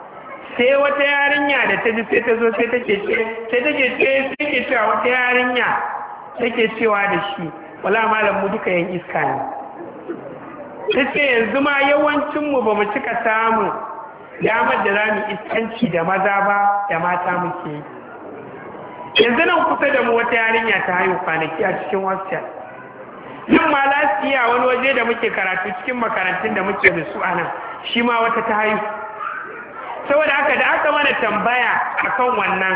sai wata yarinya da ta ji sai ta zo sai take ce sai take ce sai ke cewa wata yarinya take cewa da shi wala malam mu duka yan iska ne ta ce yanzu ma yawancin mu ba mu cika samu damar da za mu iskanci da maza ba da mata muke yi yanzu nan kusa da mu wata yarinya ta haihu kwanaki a cikin whatsapp nan ma lasiya wani waje da muke karatu cikin makarantun da muke da su a nan shi ma wata ta haihu saboda aka da aka mana tambaya akan wannan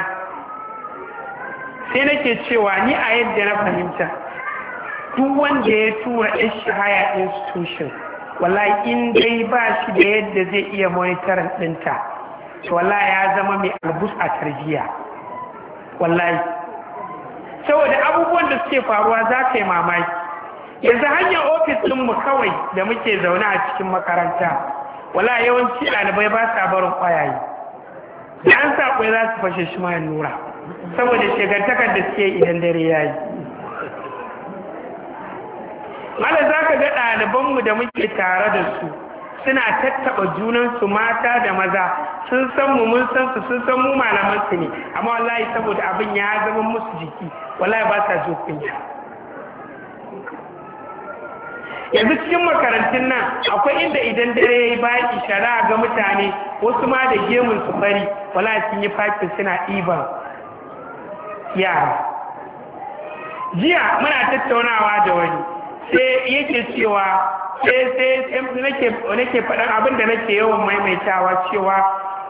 sai nake cewa ni a yadda na fahimta duk wanda ya tura shi haya institution wallahi in dai ba shi da yadda zai iya monitoring ɗinta to wallahi ya zama mai albus a tarbiyya wallahi saboda abubuwan da suke faruwa za ka yi mamaki yanzu hanyar ofis ɗinmu kawai da muke zaune a cikin makaranta wala yawanci ɗalibai ba sa barin ƙwayaye da an sa ƙwai za su fashe shi ma nura saboda shekartakar da suke idan dare ya yi mala za ka ga ɗalibanmu da muke tare da su suna tattaɓa junansu mata da maza sun san mu mun san su sun san mu malamansu ne amma wallahi saboda abin ya zama musu jiki wallahi ba sa zo kunya yanzu cikin makarantun nan akwai inda idan dare ya yi bayan ishara ga mutane wasu ma da gemun su fari wala sun yi fakin suna ɗiban yara jiya muna tattaunawa da wani sai yake cewa sai sai nake faɗan abin da nake yawan maimaitawa cewa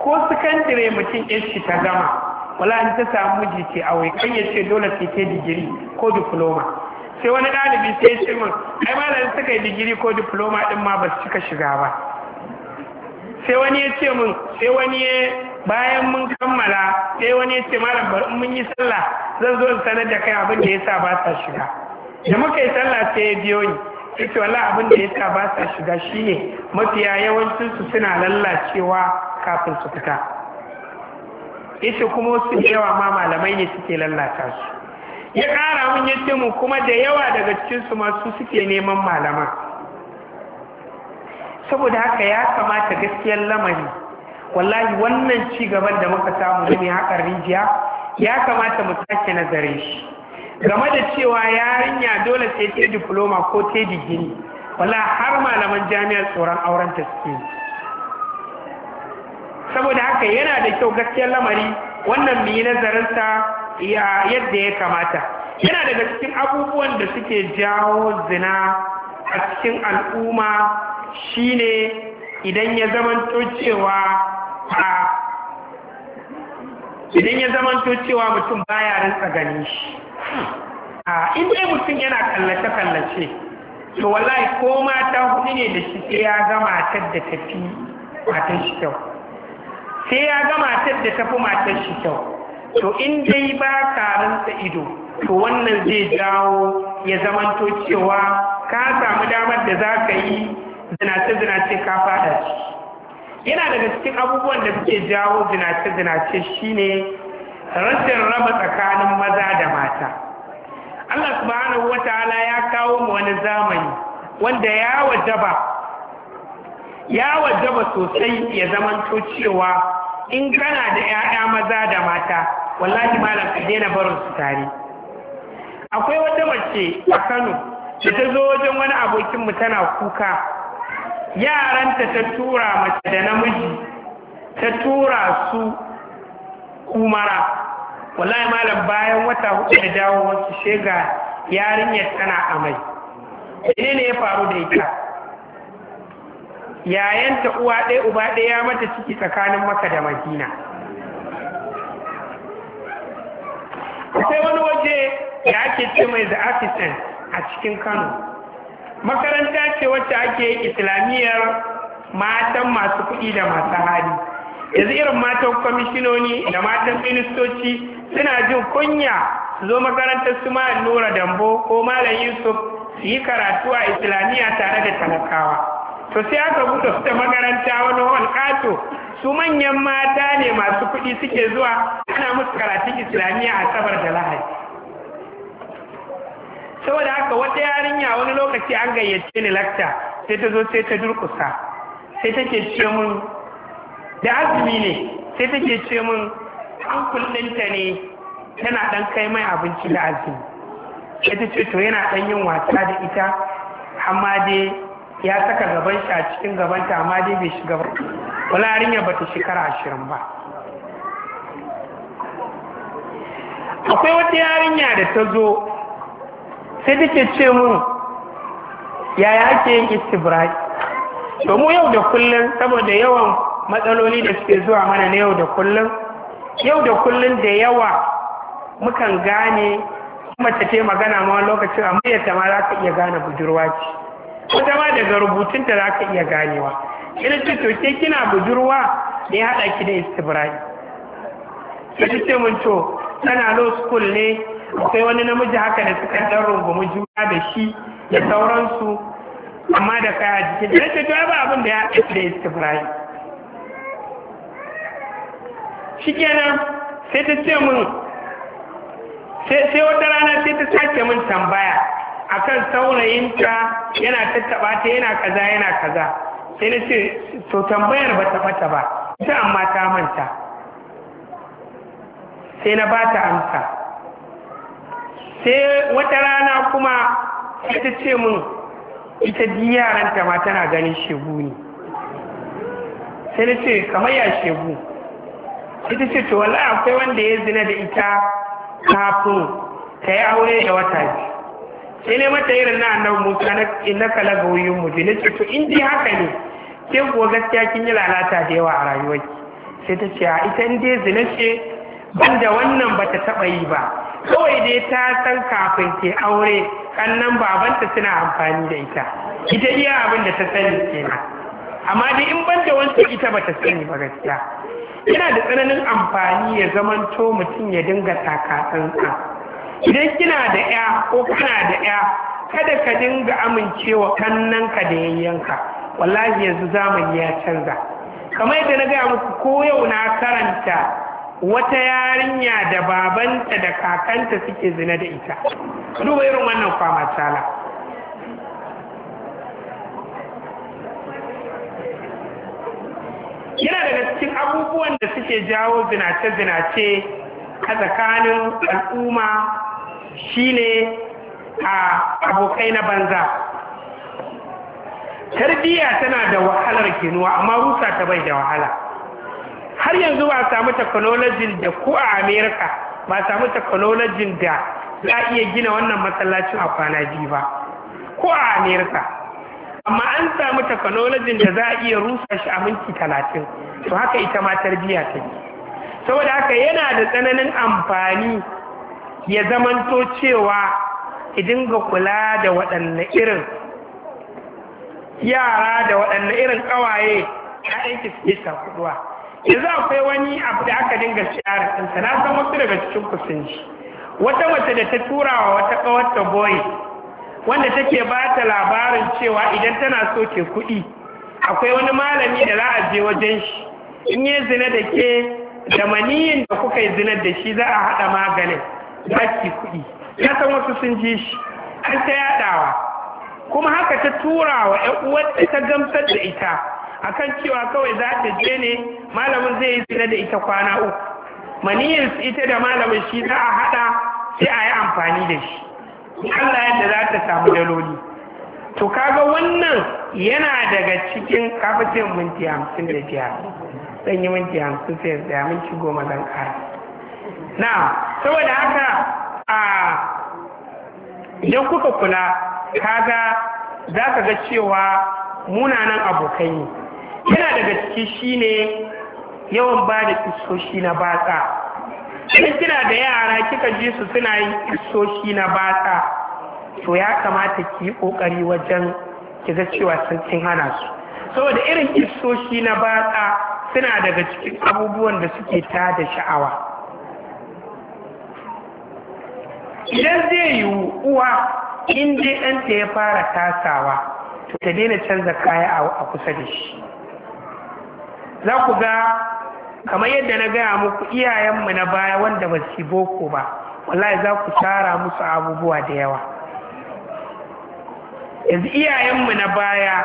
ko sakandire mutum yashi ta gama wala ta samu miji ce wai kan ya ce dole sai ke digiri ko diploma sai wani ɗalibi sai ya ce min ai malamin suka yi digiri ko diploma din ma ba su cika shiga ba sai wani ya ce min sai wani ya bayan mun kammala sai wani ya ce malam bari mun yi sallah zan zo in sanar da kai abin da yasa ba sa shiga da muka yi sallah sai ya biyo ni ce wallahi abin da yasa ba sa shiga shine mafiya yawancin su suna lallacewa kafin su fita yace kuma wasu yawa ma malamai ne suke lallata su ya ƙara mun yadda mu kuma da yawa daga cikinsu masu suke neman malama saboda haka ya kamata gaskiyar lamari wallahi wannan ci gaban da muka samu ne haƙar rijiya ya kamata mu sake nazarin shi game da cewa yarinya dole sai ta diploma ko ta digiri wala har malaman jami'ar tsoron auren ta suke saboda haka yana da kyau gaskiyar lamari wannan mu yi nazarinsa ya yadda ya kamata yana daga cikin abubuwan da suke jawo zina a cikin al'umma shine idan ya zamanto cewa a idan ya zamanto cewa mutum baya rantsa gani shi a inda mutum yana kallace-kallace to wallahi ko mata hudu ne da shi sai ya gama matar da tafi matan shi kyau sai ya gama matar da tafi matan shi kyau to in dai ba ka rantsa ido to wannan zai jawo ya zamanto cewa ka samu damar da za ka yi zinace-zinace ka fada shi yana daga cikin abubuwan da suke jawo zinace-zinace shine rashin raba tsakanin maza da mata Allah subhanahu Ta'ala ya kawo mu wani zamani wanda ya wajaba ya wajaba sosai ya zamanto cewa in kana da 'ya'ya maza da mata wallahi malam ka daina barin su tare akwai wata mace a Kano da ta zo wajen wani abokin mu tana kuka yaranta ta tura mace da namiji ta tura su kumara wallahi malam bayan wata hudu da dawo wasu shega yarinyar tana amai menene ya faru da ita yayanta uwa ɗaya uba ɗaya mata ciki tsakanin maka da madina Sai wani waje ya ake ce mai da afisan a cikin kano makaranta ce wacce ake islamiyyar matan masu kuɗi da masu hali yanzu irin matan kwamishinoni da matan ministoci suna jin kunya su zo makarantar su ma nura dambo ko malam yusuf su yi karatu a islamiyya tare da talakawa to sai aka buɗe su ta makaranta wani kato su manyan mata ne masu kuɗi suke zuwa ana musu karatun islamiyya a sabar da lahari saboda haka wata yarinya wani lokaci an gayyace ni lakta sai ta zo sai ta durkusa sai take ce mun da azumi ne sai take ce mun an kullunta ne tana ɗan kai mai abinci da azumi sai ta ce to yana ɗan yin wasa da ita amma dai ya saka gaban shi a cikin gaban amma dai bai shiga ba wala yarinya bata shekara ashirin ba akwai wata yarinya da ta zo sai take ce mu yaya ake yin istibrai domin yau da kullum saboda yawan matsaloli da suke zuwa mana na yau da kullum yau da kullum da yawa mukan gane mace ce magana ma wani lokacin amma yadda ma za ka iya gane budurwa ce wata ma daga rubutunta za ka iya ganewa irin ce to ke kina budurwa da ya haɗa ki da istibrai ita ce mun to tana low school ne akwai wani namiji haka da suka ɗan rungumi juna da shi da sauransu amma da kaya jikin da ce to ba abin da ya haɗa ki da istibrai shikenan sai ta ce mun sai wata rana sai ta sake mun tambaya akan saurayinta yana tattaba ta yana kaza yana kaza sai na ce to tambayar ba ta mata ba ita amma ta manta sai na ba ta amsa sai wata rana kuma ita ce mun ita yaranta ma tana ganin shegu ne sai na ce kamar ya shegu ita ce to wallahi akwai wanda ya zina da ita kafin ta yi aure da wata biyu sai ne mata irin na annabi Musa na kala la gawiyyun mubin ce to in haka ne ke kuwa gaskiya kin yi lalata da yawa a rayuwarki sai ta ce a ita in dai zina ce ban da wannan bata taba yi ba kawai dai ta san kafin ke aure kannan babanta suna amfani da ita ita iya abin da ta sani kenan amma dai in ban da wancan ita bata sani ba gaskiya yana da tsananin amfani ya zamanto mutum ya dinga taka tsantsan idan kina da ya ko kana da ya kada ka dinga amincewa kannanka da yayyanka wallahi yanzu zamani ya canza kamar yadda na gaya muku ko yau na karanta wata yarinya da babanta da kakanta suke zina da ita duba irin wannan kwama tala yana daga cikin abubuwan da suke jawo zinace-zinace a tsakanin al'umma shine a abokai na banza tarbiyya tana da wahalar kinuwa amma rusa ta bai da wahala har yanzu ba samu teknolojin da ko a Amerika ba samu teknolojin da za iya gina wannan masallacin a kwana biyu ba ko a Amerika, amma an samu teknolojin da za a iya rusa shi a minti talatin to haka ita ma tarbiyya yi saboda haka yana da tsananin amfani ya zamanto cewa idin ga kula da waɗanne irin yara da waɗanne irin ƙawaye a aiki suke shafuwa yanzu akwai wani abu da aka dinga shi ɗinsa na san wasu daga cikin kusan shi wata mace da ta tura wa wata ƙawarta boy wanda take ba ta labarin cewa idan tana so ke kuɗi akwai wani malami da za a je wajen shi in yi zina da ke da maniyin da kuka yi zinar da shi za a haɗa maganin zaki kuɗi ya san wasu sun ji shi an ta yaɗawa kuma haka ta tura wa ‘yan uwarta ta gamsar da ita akan cewa kawai za ta je ne malamin zai yi tsira da ita kwana uku maniyin ita da malamin shi za a haɗa sai a yi amfani da shi Allah yadda za ta samu daloli to kaga wannan yana daga cikin kafacin minti hamsin da biyar zan yi minti hamsin sai da minti goma zan ƙara na saboda haka a idan kuka kula kaga za ka ga cewa munanan abokai ne yana daga ciki shine yawan ba da kisoshi na batsa idan kina da yara kika ji su suna yin kisoshi na batsa to ya kamata ki yi kokari wajen ki ga cewa sun kin hana su saboda irin kisoshi na batsa suna daga cikin abubuwan da suke ta da sha'awa idan zai yiwu uwa in dai ɗanta ya fara tasawa to ta daina canza kaya a kusa da shi za ku ga kamar yadda na gaya muku iyayenmu na baya wanda ba su boko ba wallahi za ku tara musu abubuwa da yawa yanzu iyayenmu na baya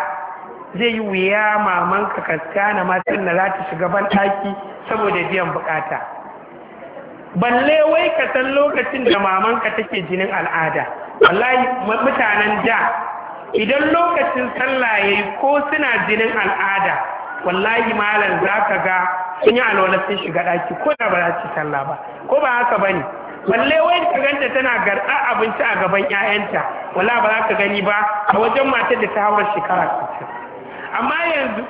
zai yi wuya mamanka kaskana matan da za ta shiga ban saboda biyan bukata balle wai ka san lokacin da mamanka take jinin al'ada wallahi mutanen da idan lokacin sallah yayi ko suna jinin al'ada wallahi malam zaka ga sun yi alwala sun shiga daki ko da ba za ci sallah ba ko ba haka bane balle wai ka ganta tana garda abinci a gaban 'ya'yanta. wallahi ba za ka gani ba a wajen matar da ta haura shekara 60 amma yanzu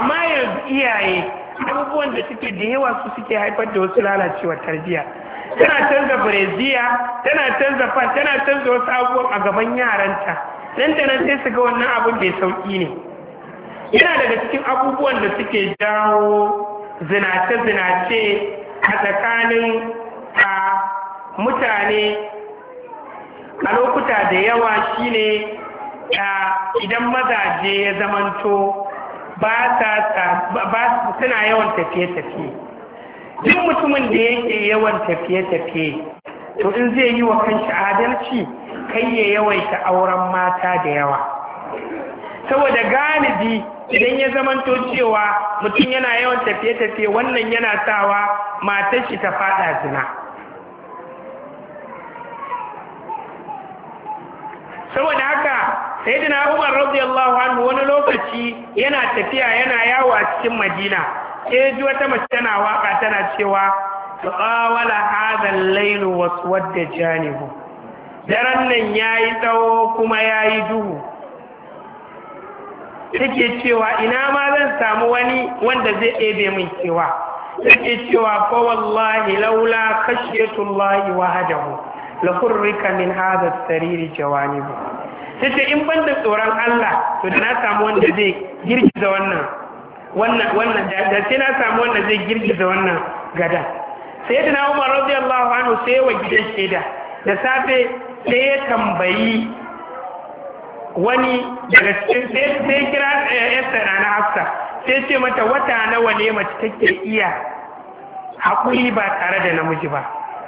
amma yanzu iyaye abubuwan da suke da yawa su suke haifar da wasu lalacewar tarbiyya tana canza breziya tana canza fan tana canza wasu abubuwan a gaban yaranta nan da nan sai su ga wannan abun bai sauki ne yana daga cikin abubuwan da suke jawo zinace-zinace a tsakanin a mutane a lokuta da yawa shine idan mazaje ya zamanto ba suna yawan tafiye-tafiye duk mutumin da yake yawan tafiye-tafiye to in zai yi wa kanshi adalci kai ya yawaita auren mata da yawa saboda galibi idan ya zamanto cewa mutum yana yawan tafiye-tafiye wannan yana sawa matar shi ta fada zina saboda haka sayyidina Umar radiyallahu anhu wani lokaci yana tafiya yana yawo a cikin Madina sai ji wata mace tana waka tana cewa tsawala hadar lailu wasu wadda janihu daren nan ya yi tsawo kuma ya yi duhu take cewa ina ma zan samu wani wanda zai ebe min cewa take cewa ko wallahi laula khashyatullahi wahdahu la hurrika min hadha as jawani jawanibu Sai ce in ban da tsoron Allah to da na samu wanda zai girgiza wannan wannan wannan da sai na samu wanda zai girgiza wannan gada sai da na Umar radiyallahu anhu sai wa gidan sheda da safe sai ya tambayi wani daga cikin sai kira Esther eh, na Hafsa sai ce mata wata nawa ne mace take iya haƙuri ba tare da namiji ba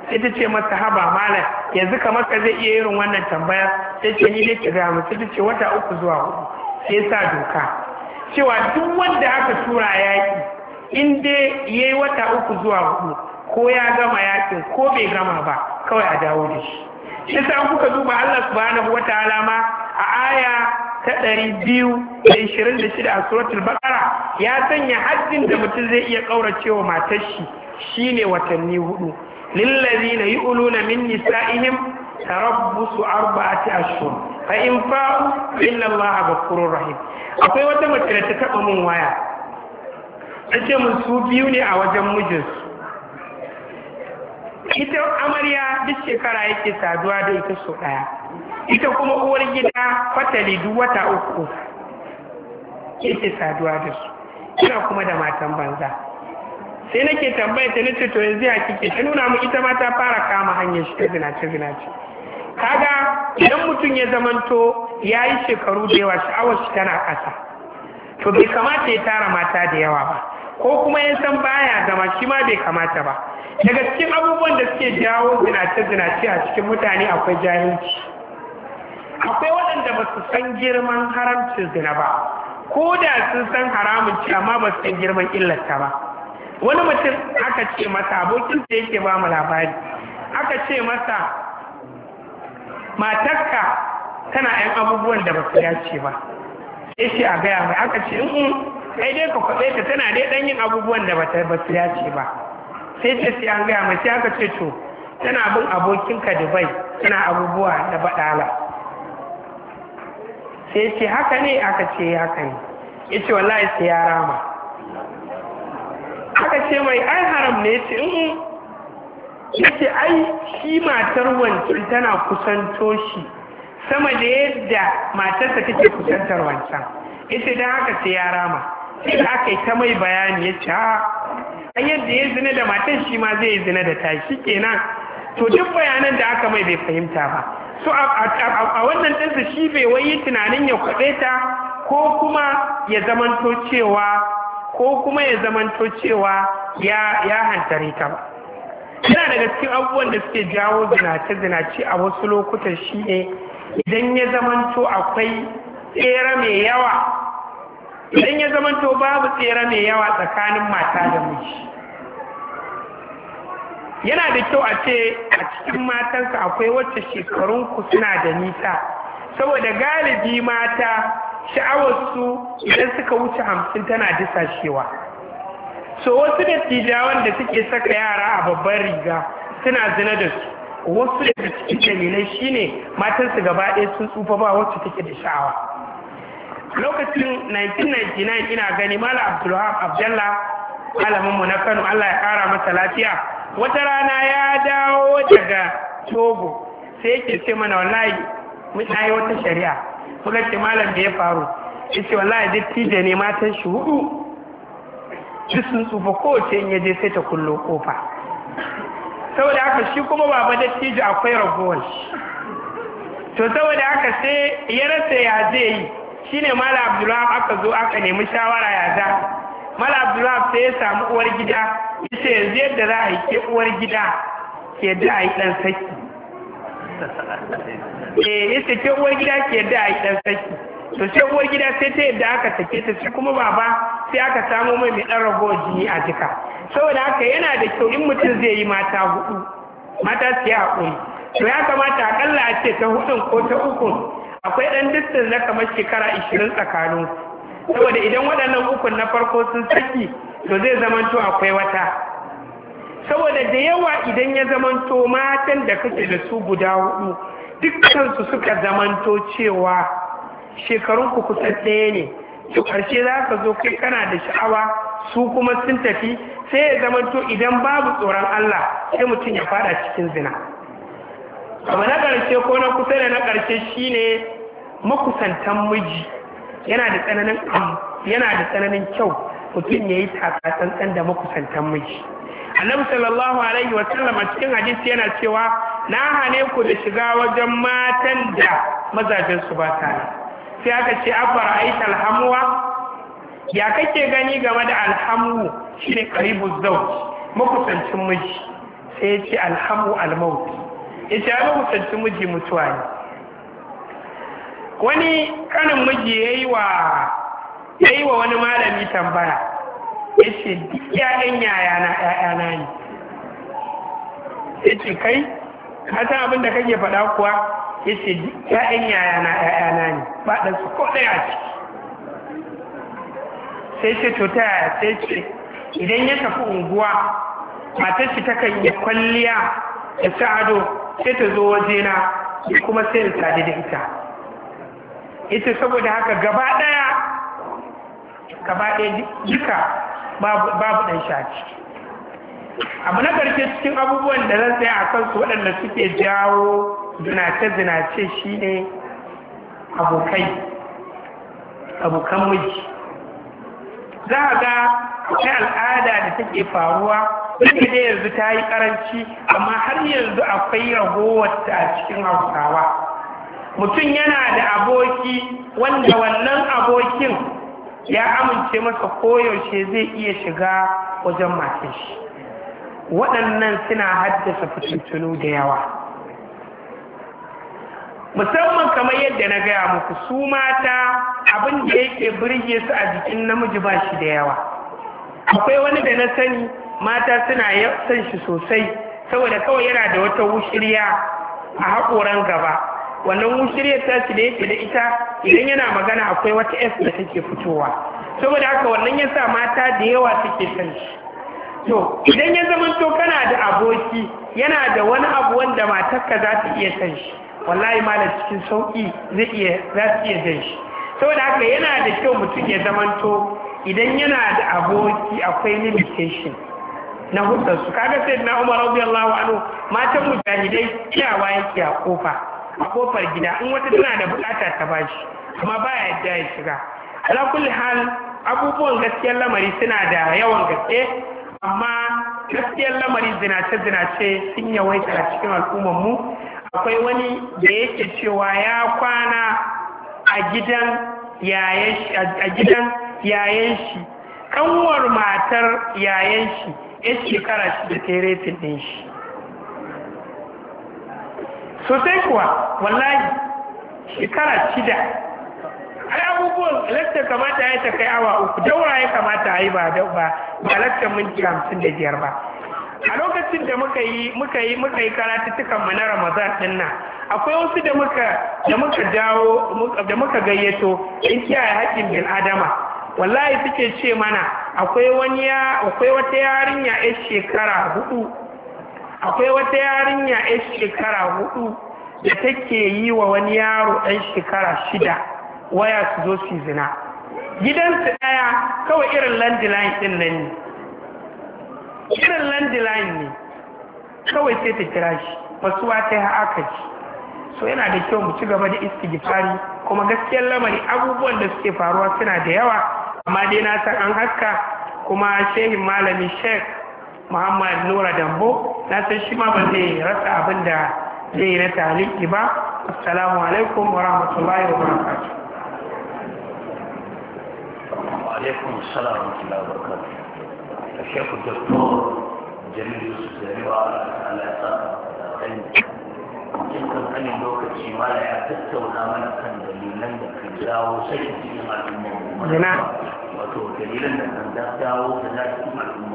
sai ce masa haba malam yanzu kamar ka zai iya irin wannan tambaya sai ce ni dai ki ga mu sai ce wata uku zuwa hudu sai sa doka cewa duk wanda aka tura yaƙi, in dai yayi wata uku zuwa hudu ko ya gama yaƙin ko bai gama ba kawai a dawo da shi shi sa kuka duba Allah subhanahu ta'ala ma a aya ta ɗari biyu da ishirin da shida a suratul bakara ya sanya haddin da mutum zai iya ƙauracewa matar shi shine watanni hudu ulu na min nisa'ihim tarabbusu arba'ati ashhur A in fa'u inna allaha ghafurur rahim akwai wata mace da ta taba mun waya ce mun su biyu ne a wajen mijinsu ita amarya duk shekara yake saduwa da ita so daya ita kuma uwar gida fatali duk wata uku yake saduwa da su ina kuma da matan banza sai nake tambaya ta nace to yanzu ya kike ta nuna mu ita ma ta fara kama hanyar shi ta zinace zinace kaga idan mutum ya zamanto ya yi shekaru da yawa sha'awar shi tana ƙasa to bai kamata ya tara mata da yawa ba ko kuma ya san baya zama shi ma bai kamata ba daga cikin abubuwan da suke jawo zinace zinace a cikin mutane akwai jahilci akwai waɗanda ba su san girman haramcin zina ba ko da sun san haramun ci amma ba su san girman illarta ba wani mutum aka ce masa abokin da yake ba mu labari aka ce masa matarka tana yan abubuwan da ba su dace ba sai shi a gaya mai aka ce in kai dai ka kwaɓe ta tana dai ɗan yin abubuwan da ba su dace ba sai ce sai an gaya mai sai aka ce to tana bin abokinka dubai tana abubuwa da baɗala sai ce haka ne aka ce haka ne ya ce wallahi sai ya rama aka ce mai ai haram ne ce in yace ai shi matar wancan tana kusanto shi sama da yadda matarsa take kusantar wancan ita dan haka sai ya rama sai da aka yi ta mai bayani ya ce a yadda ya zina da matan shi ma zai zina da ta shi kenan to duk bayanan da aka mai bai fahimta ba so a wannan ɗansa shi bai wai tunanin ya kwaɗe ta ko kuma ya zamanto cewa ko kuma ya zamanto cewa ya hantare ta ba yana daga cikin abubuwan da suke jawo zinace-zinace a wasu lokutan shi ne idan ya zamanto akwai tsere mai yawa idan ya zamanto babu tsere mai yawa tsakanin mata da miji yana da kyau a ce a cikin matansa akwai wacce shekarunku suna da nisa saboda galibi mata sha'awarsu idan suka wuce hamsin tana disashewa so wasu dattijawan da suke saka yara a babban riga suna zina da su wasu daga cikin dalilai shine matansu gaba ɗaya sun tsufa ba wacce take da sha'awa lokacin 1999 ina gani mala abdulhab abdalla malaminmu na kano allah ya ƙara masa lafiya wata rana ya dawo daga togo sai yake ce mana wallahi mun yi wata shari'a kuka ce malam da ya faru ya ce wallahi dattijo ne matan shi hudu duk sun tsufa kowace in yaje sai ta kullo kofa saboda haka shi kuma baba dattijo akwai ragowar to saboda haka sai ya rasa ya zai yi ne mala abdullahi aka zo aka nemi shawara ya za mala abdullahi sai ya samu uwar gida ita yanzu yadda za a yi ke uwar gida ke da a yi dan saki eh ta ce uwar gida ke yadda a yi dan saki to sai uwar gida sai ta yadda aka sake ta shi kuma baba sai aka samo mai mai ɗan ragowar jini a jika saboda haka yana da kyau in mutum zai yi mata hudu mata su yi haƙuri to ya kamata aƙalla a ce ta hudun ko ta uku akwai ɗan distance na kamar shekara ishirin tsakanin saboda idan waɗannan ukun na farko sun saki to zai zamanto akwai wata saboda da yawa idan ya zamanto matan da kake da su guda hudu dukkansu suka zamanto cewa shekarunku kusan ɗaya ne to ƙarshe za ka zo kai kana da sha'awa su kuma sun tafi sai ya zamanto idan babu tsoron Allah sai mutum ya fada cikin zina amma na ƙarshe ko na kusa da na ƙarshe shine makusantan miji yana da tsananin kyau mutum ya yi takatsantsan da makusantan miji annabi sallallahu alaihi wa sallam a cikin hadisi yana cewa na hane ku da shiga wajen matan da mazajen su ba tare sai aka ce afara aita alhamuwa ya kake gani game da alhamu shine qaribu zawj makusancin miji sai ya ce alhamu almaut ya ce makusancin miji mutuwa ne wani kanin miji ya yi wa wani malami tambaya yace ce duk ‘ya'yan yayana na ne ya ce kai ka san abin da kake faɗa kuwa yace ce duk ‘ya'yan yayana na ne ba da su ko ɗaya ce, sai ce to ta yaya sai ce idan ya tafi unguwa matar shi takan yi kwalliya da ta ado sai ta zo wajena kuma sai in sadu da ita ita saboda haka gaba ɗaya gaba ɗaya duka babu ɗan shaci abu na ƙarshe cikin abubuwan da zan tsaye a kansu waɗanda suke jawo zinace-zinace shi ne abokai abokan miji za a ga akwai al'ada da take faruwa duk da yanzu ta yi ƙaranci, amma har yanzu akwai ragowar ta a cikin hausawa mutum yana da aboki wanda wannan abokin ya amince masa koyaushe zai iya shiga wajen matan shi waɗannan suna haddasa fitattunu da yawa musamman kamar yadda na gaya muku su mata abin da yake birge su a jikin namiji ba shi da yawa akwai wani da na sani mata suna son shi sosai saboda kawai yana da wata wushirya a haƙoran gaba wannan wushiriyar ce da yake da ita idan yana magana akwai wata s da take fitowa saboda haka wannan ya sa mata da yawa suke san shi to idan ya zama to kana da aboki yana da wani abu wanda matarka za ta iya san shi wallahi malam cikin sauki zai iya za su iya san shi saboda haka yana da kyau mutum ya zama to idan yana da aboki akwai limitation na hudarsu kaga sai na umar radiyallahu anhu matan mujahidai kiyawa yake a kofa a kofar gida in wata tana da bukata ta bashi kuma baya yadda ya shiga ala kulli hal abubuwan gaskiyar lamari suna da yawan gaske amma gaskiyar lamari zinace zinace sun yawaita a cikin al'ummar mu akwai wani da yake cewa ya kwana a gidan yayan shi a kanwar matar yayan shi ya shekara shi da teretin din shi sosai kuwa wallahi shekara shida ai abubuwan lakta kamata ya ta kai awa uku daura ya kamata a yi ba ba ba lakta minti hamsin da biyar ba a lokacin da muka yi muka yi muka yi karatuttukan mu na Ramadan din nan akwai wasu da muka da muka dawo da muka gayyato in kiyaye haƙƙin bil adama wallahi suke ce mana akwai wani ya akwai wata yarinya yar shekara hudu akwai wata yarinya yan shekara hudu da take yi wa wani yaro ɗan shekara shida waya su zo su zina gidansu ɗaya kawai irin landline ɗin nan ne irin landline ne kawai sai ta kira shi fasuwa ta yi haka ji so yana da kyau mu ci gaba da iski istighfari kuma gaskiyar lamari abubuwan da suke faruwa suna da yawa amma dai na san an haska kuma shehin malami sheikh muhammad nura dambo na san shi ma ba zai rasa abin da zai yi na taliki ba assalamu alaikum wa rahmatullahi wa barakatuh alaikum assalam wa rahmatullahi da barakatuh الشيخ الدكتور جميل يوسف زريوة على العلم cikin kanin lokaci ma da ya tattauna mana kan dalilan da kan jawo sakin cikin al'umma wato dalilan da kan dawo da za cikin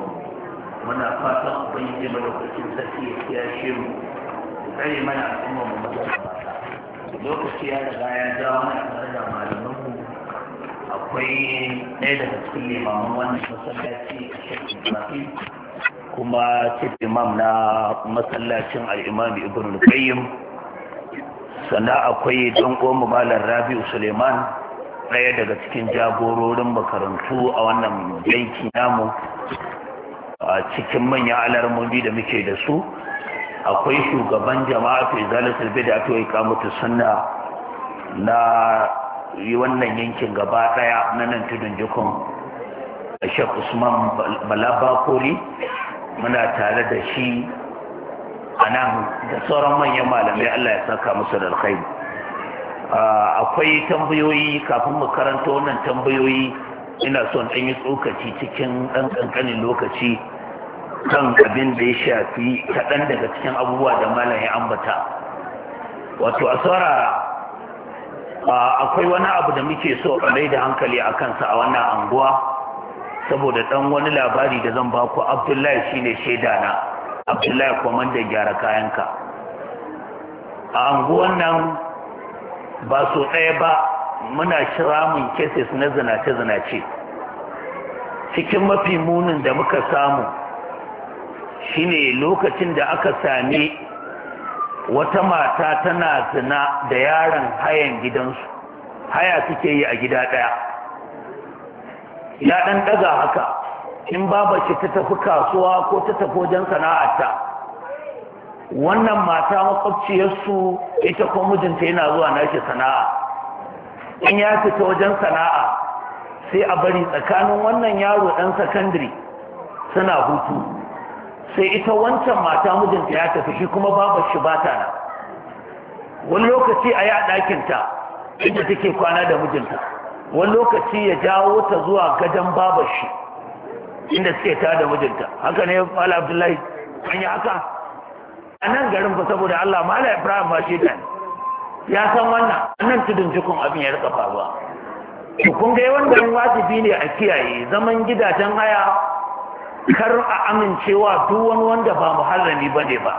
muna fatan ubangiji madaukakin sarki ya kiyashe mu tsare mana al'umma mu mata lokaci ya riga ya jawo mana tare da malaman mu akwai ɗaya daga cikin limaman wannan masallaci a zafi. kuma cikin imam na masallacin al'imam ibn qayyim sannan akwai don goma malar rabi'u suleiman ɗaya daga cikin jagororin makarantu a wannan yanki namu a cikin manyan alarmomi da muke da su akwai shugaban jama'a fi da ake waika mutu sunna na yi wannan yankin gaba daya na nan tudun jikun shek Usman Balabakori muna tare da shi a nan da sauran manyan malamai Allah ya saka musu da alkhai akwai tambayoyi kafin mu karanta wannan tambayoyi ina son ɗan yi tsokaci cikin ɗan ƙanƙanin lokaci kan abin da ya shafi kaɗan daga cikin abubuwa da malam ya ambata wato a saurara akwai wani abu da muke so a da hankali a kansa a wannan anguwa saboda ɗan wani labari da zan ba ku abdullahi shine shaida na abdullahi da gyara kayanka a anguwan nan ba so ɗaya ba muna shiramun kesis na zinace-zinace cikin mafi munin da muka samu shine lokacin da aka sami wata mata tana zina da yaron hayan gidansu haya suke yi a gida ɗaya ya ɗan ɗaga haka in babace ta tafi kasuwa ko ta tafi wajen sana'arta wannan mata makwabciyarsu ita ko mijinta yana zuwa nashi sana'a in ya fita wajen sana'a sai a bari tsakanin wannan yaro ɗan sakandare suna hutu sai ita wancan mata mijinta ya tafi shi kuma babar shi ba ta wani lokaci a yi a ɗakinta inda take kwana da mijinta wani lokaci ya jawo ta zuwa gadon babar shi inda suke ta da mijinta haka ne mala abdullahi an yi haka a nan garin ba saboda allah mala ibrahim ba shi da ya san wannan nan tudun jikun abin ya rika faruwa kun ga wannan wajibi ne a kiyaye zaman gidajen haya kar a amincewa duk wani wanda ba muharrami ba ne ba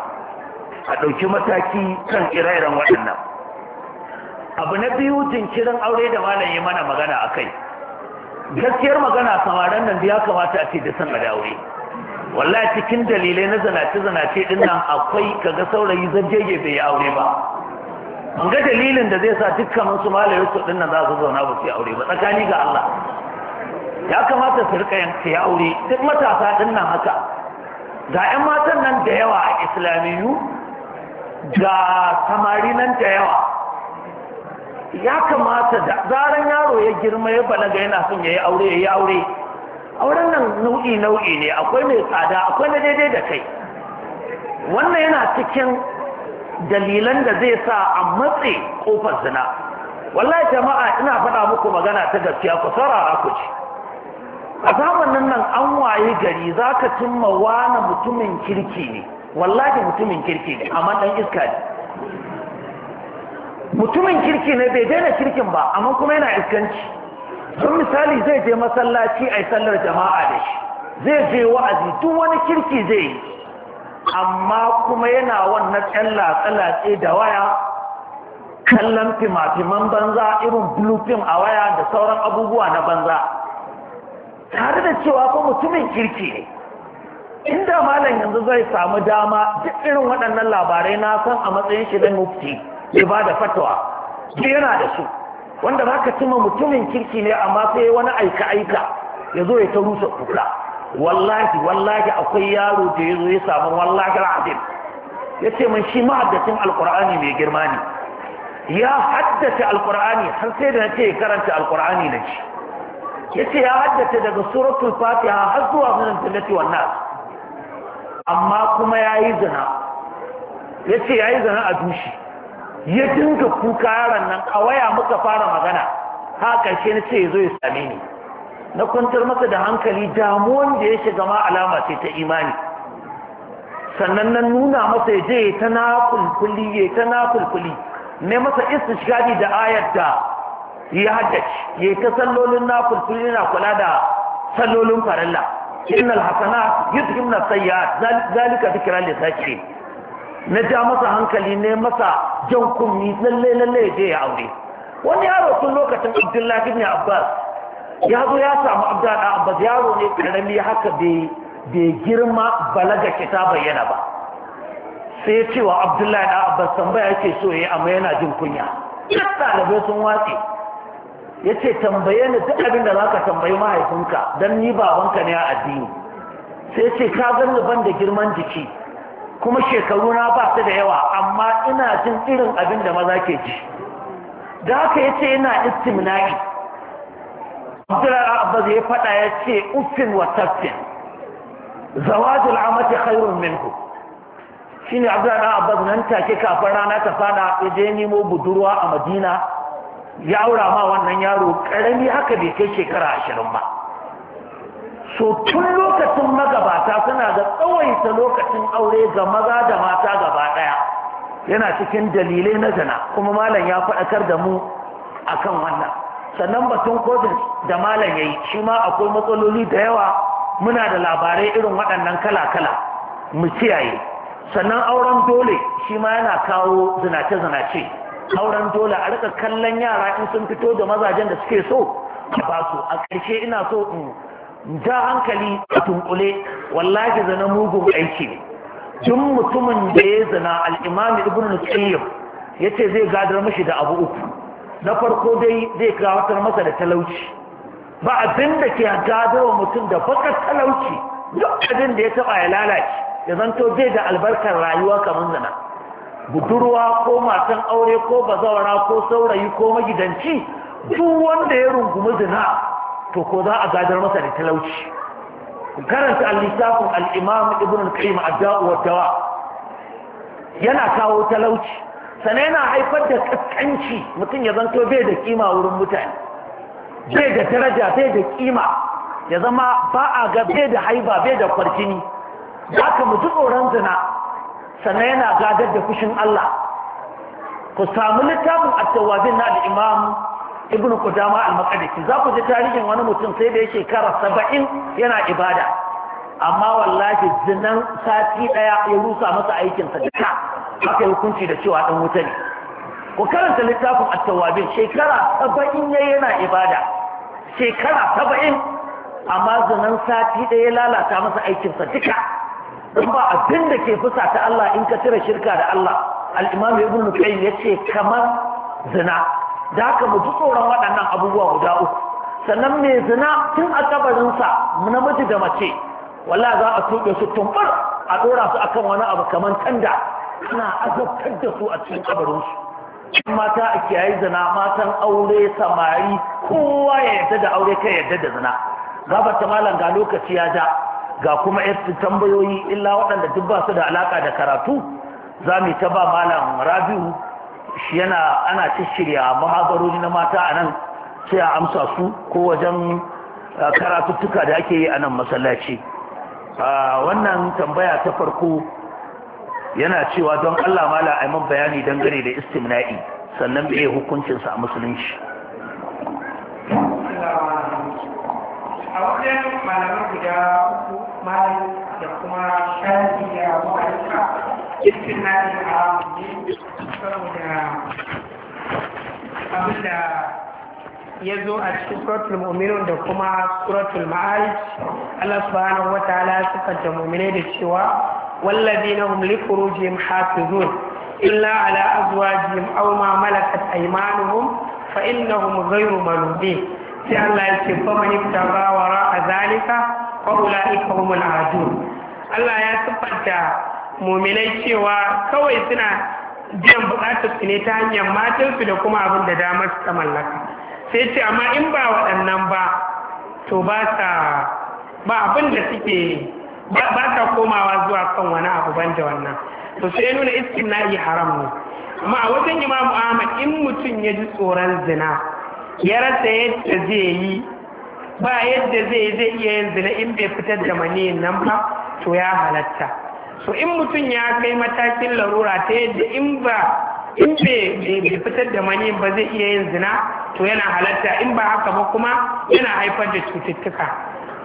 a ɗauki mataki kan irairan waɗannan abu na biyu jinkirin aure da malam ya mana magana a kai gaskiyar magana samaran nan da ya kamata a ce da san aure wallahi cikin dalilai na zanace-zanace din nan akwai kaga saurayi zajjege bai aure ba mun ga dalilin da zai sa dukkan su malayar su din nan za su zauna ba su aure ba tsakani ga Allah ya kamata su rika yanka aure duk matasa din nan haka ga 'yan matan nan da yawa a islamiyu ga samari nan da yawa ya kamata da zaran yaro ya girma ya balaga yana son ya yi aure ya yi aure auren nan nau'i nau'i ne akwai mai tsada akwai na daidai da kai wannan yana cikin dalilan da zai sa a matse kofar zina wallahi jama'a ina faɗa muku magana ta gaskiya ku saurara ku ci a zamanin nan an waye gari za ka cimma wani mutumin kirki ne wallahi mutumin kirki ne amma ɗan iska ne mutumin kirki ne bai daina kirkin ba amma kuma yana iskanci don misali zai je masallaci a yi sallar jama'a da shi zai je wa'azi duk wani kirki zai yi amma kuma yana wannan ɗan latsalatse da waya kallon fima-fiman banza irin blue film a waya da sauran abubuwa na banza tare da cewa ko mutumin kirki ne inda malam yanzu zai samu dama duk irin waɗannan labarai na san a matsayin shi na mufti ya ba da fatawa duk yana da su wanda za ka cima mutumin kirki ne amma sai wani aika-aika ya zo ya ta rusa kuka wallahi wallahi akwai yaro da ya zo ya samu wallahi al'adil ya ce min shi mahaddacin alkur'ani mai girma ne ya haddace alkur'ani har sai da na ce ya karanta alkur'ani na shi yace ya haddace daga suratul fatiha har zuwa sunan jannati wannan amma kuma yayi zina yace yayi zina a dushi ya dinga kuka yaran nan a waya muka fara magana ha karshe na ce ya zo ya same ni na kwantar masa da hankali damuwan da ya shiga ma alama ce ta imani sannan nan nuna masa ya je ta nakulkuli ya ta nakulkuli ne masa istishgadi da ayar da ya haddace ya ta sallolin nafil sun yana kula da sallolin farilla innal hasana na sayyi'at zalika kira lil zakirin na ja masa hankali ne masa jan kumi lalle lalle ya je ya aure wani yaro sun lokacin abdullahi ne abbas ya zo ya samu abdullahi abbas yaro ne karami haka bai girma balaga kita bayyana ba sai cewa abdullahi da abbas tambaya yake so ya yi amma yana jin kunya duk ɗalibai sun watse ya ce tambaye ni duk abin da za ka tambayi mahaifinka don ni babanka ne a addini sai ce ka ganni ban da girman jiki kuma shekaru na ba su da yawa amma ina jin irin abin da maza ke ji da haka ya ce yana istimna'i abdullahi abbas ya faɗa ya ce uffin wa taffin zawajul amati khairun minhu shine abdullahi abbas nan take kafin rana ta fada ya je nemo budurwa a madina ya aura ma wannan yaro karami haka bai kai shekara ashirin ba so tun lokacin magabata suna ga tsawaita lokacin aure ga maza da mata gaba daya yana cikin dalilai na zina kuma malam ya faɗakar da mu akan wannan sannan batun kodin da malam ya yi shi ma akwai matsaloli da yawa muna da labarai irin waɗannan kala-kala mu kiyaye sannan auren dole shi ma yana kawo zinace-zinace auren dole a rika kallon yara in sun fito da mazajen da suke so a ba su a ƙarshe ina so in ja hankali a tunkule wallahi zana mugun aiki ne duk mutumin da ya zana al'imami ibn qayyim ya ce zai gadar mashi da abu uku na farko dai zai gawatar masa da talauci ba abin da ke wa mutum da bakar talauci duk abin da ya taɓa ya lalace ya zanto zai da albarkar rayuwa kamar zana budurwa ko matan aure ko bazawara ko saurayi ko magidanci duk wanda ya rungumi zina to ko za a gadar masa da talauci karanta al-lisafin al-imam ibn al-qayyim ad wa dawa yana kawo talauci sanai yana haifar da kaskanci mutum ya zanto bai da kima wurin mutane bai da daraja bai da kima ya zama ba a ga bai da haiba bai da kwarjini haka mu ji tsoron zina sannan yana gadar da fushin Allah ku samu littafin tawazin na da imam ibn kudama al-maqdisi za ku ji tarihin wani mutum sai da yake kara saba'in yana ibada amma wallahi zinan sati daya ya rusa masa sa duka haka hukunci da cewa dan wuta ne ku karanta littafin attawabin shekara saba'in ya yana ibada shekara saba'in amma zinan sati ɗaya ya lalata masa aikinsa duka in ba abin da ke fusa ta Allah in ka cire shirka da Allah ya imam kai ya ce kamar zina da haka mu ji tsoron waɗannan abubuwa guda uku sannan mai zina tun a kabarinsa namiji da mace walla za a tuɓe su tumɓar a ɗora su akan wani abu kamar tanda ana azabtar da su a cikin kabarinsu mata a kiyaye zina matan aure samari kowa ya yarda da aure kai yarda da zina gabata malam ga lokaci ya ja ga kuma tambayoyi illa waɗanda duk ba su da alaka da karatu za mu ta ba malam rabiu shi yana ana shirya na mata a nan sai a amsa su ko wajen uh, karatuttuka da ake yi a nan masallaci uh, wannan tambaya ta farko yana cewa don allah mala a man bayani dangane da istimna'i sannan bai hukuncinsa a musulunci a wajen malamai guda uku mali da kuma shafi da ma'aika cikin na da haramun ne saboda abin da ya zo a cikin suratul mu'minun da kuma suratul ma'arij Allah subhanahu wataala suka ta mu'mine da cewa walladina hum li furujihim hafizun illa ala azwajihim aw ma malakat aymanuhum fa innahum ghayru malumin sai Allah ya ce fa man ittaba wara azalika fa ulai humul adun Allah ya tabbata mu'minai cewa kawai suna biyan bukatar su ne ta hanyar matansu da kuma abin da damar su ta mallaka sai ce amma in ba waɗannan ba to ba sa ba abin da suke ba sa komawa zuwa kan wani abu ban da wannan to sai nuna istimna'i haram ne amma a wajen imamu ahmad in mutum ya ji tsoron zina ya rasa yadda zai yi ba yadda zai zai iya yin zina in bai fitar da mani nan ba to ya halatta so in mutum ya kai matakin larura ta yadda in ba in bai fitar da mani ba zai iya yin zina to yana halatta in ba haka ba kuma yana haifar da cututtuka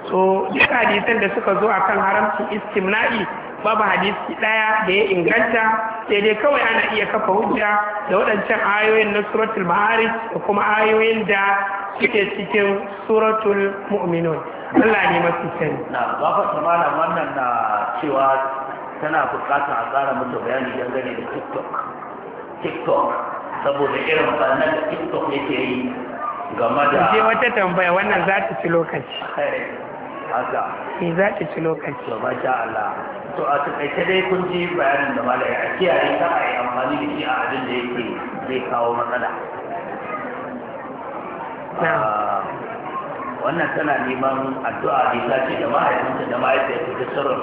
so duk hadisan da suka zo a kan haramcin istimna'i babu hadisi ɗaya da ya inganta sai dai kawai ana iya kafa hujja da waɗancan ayoyin na suratul mahari da kuma ayoyin da suke cikin suratul mu'minun Allah ne masu sani na ba fa samana wannan na cewa tana buƙatar a ƙara mata bayani dangane da TikTok TikTok saboda irin wannan da TikTok yake yi game da. wata tambaya wannan za ta ci lokaci. haka ki eh, za ta ci lokaci ba sha Allah to a takaice dai kun ji bayanin da malai a kiyaye ta a yi amfani da shi a abin da yake zai kawo matsala ah, wannan tana neman addu'a ne ta ce da mahaifinta da mahaifiyarta ta su.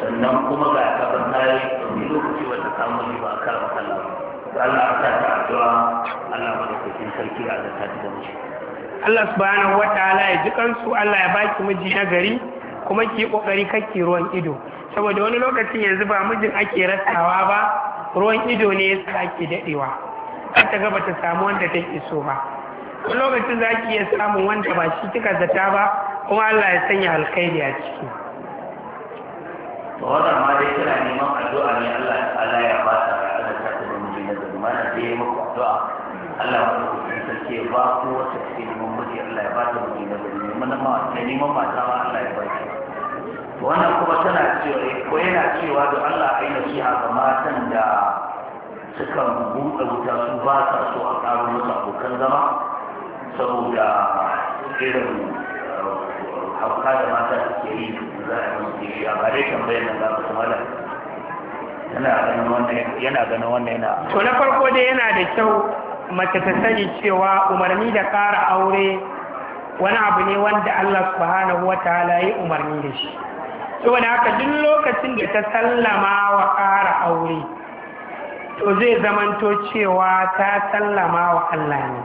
sannan kuma ga kafin yi domin lokaci wanda samu ne ba a karɓa kallon Allah ta ta addu'a Allah madaukakin sarki a zata da mishi Allah subhanahu wataala ya ji kansu Allah ya baki miji na gari kuma ki kokari kake ruwan ido saboda wani lokacin yanzu ba mijin ake rasawa ba ruwan ido ne ya sa ake dadewa ta ga bata samu wanda take so ba wani lokacin za ki iya samun wanda ba shi kika zata ba kuma Allah ya sanya alkhairi a ciki to wannan ma dai kira neman addu'a ne Allah ta'ala ya ba ta da ta da mijin da da ya muku addu'a Allah ya sarki ba ko wata ce neman miji Allah ya ba ta da na gari neman ma ta neman mata ma Allah ya ba to wannan kuma tana cewa eh, ko yana cewa da Allah ai nasiha ga matan da suka buɗe wuta su ba ta so a ƙaro musu abokan zama saboda irin eh, hauka da mata suke yi za a yi shi a bare tambayar nan za su malam yana ganin wannan yana to na farko dai yana da kyau mace ta sani cewa umarni da ƙara aure wani abu ne wanda Allah subhanahu wataala ya umarni da shi saboda haka duk lokacin da ta sallama wa ƙara aure to zai zamanto cewa ta sallama wa Allah ne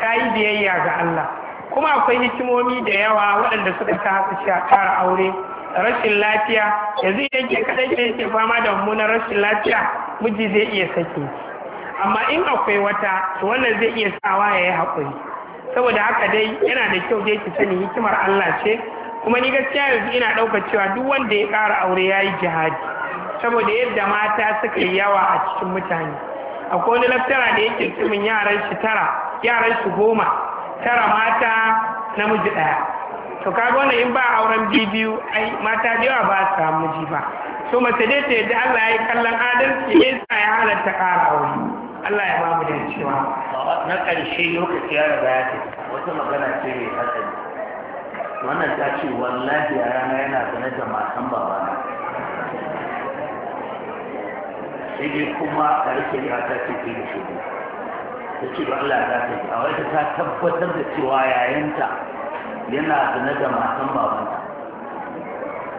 ta yi biyayya ga Allah kuma akwai hikimomi da yawa waɗanda suka ta haka shi a ƙara aure rashin lafiya yanzu idan ke kaɗai ke fama da mummunan rashin lafiya miji zai iya sake amma in akwai wata to wannan zai iya sawa ya yi haƙuri saboda haka dai yana da kyau dai ki sani hikimar Allah ce kuma ni gaskiya yanzu ina ɗauka cewa duk wanda ya ƙara aure ya yi jihadi saboda yadda mata suka yi yawa a cikin mutane akwai wani laftara da yake cimin yaran shi tara yaran shi goma tara mata namiji ɗaya to kaga wannan in ba auren bibiyu ai mata da yawa ba su samu ji ba to mace dai ta yadda Allah ya yi kallon adalci ya sa ya halatta ƙara aure Allah ya bamu da cewa na ƙarshe lokaci ya riga ya ce wata magana ce mai hatsari wannan ta ce wallahi a rana yana zane da matan babana sai dai kuma a rike ya ta ce ke da shigo ta ce ba Allah za ta yi a wata ta tabbatar da cewa yayanta yana zane da matan babanta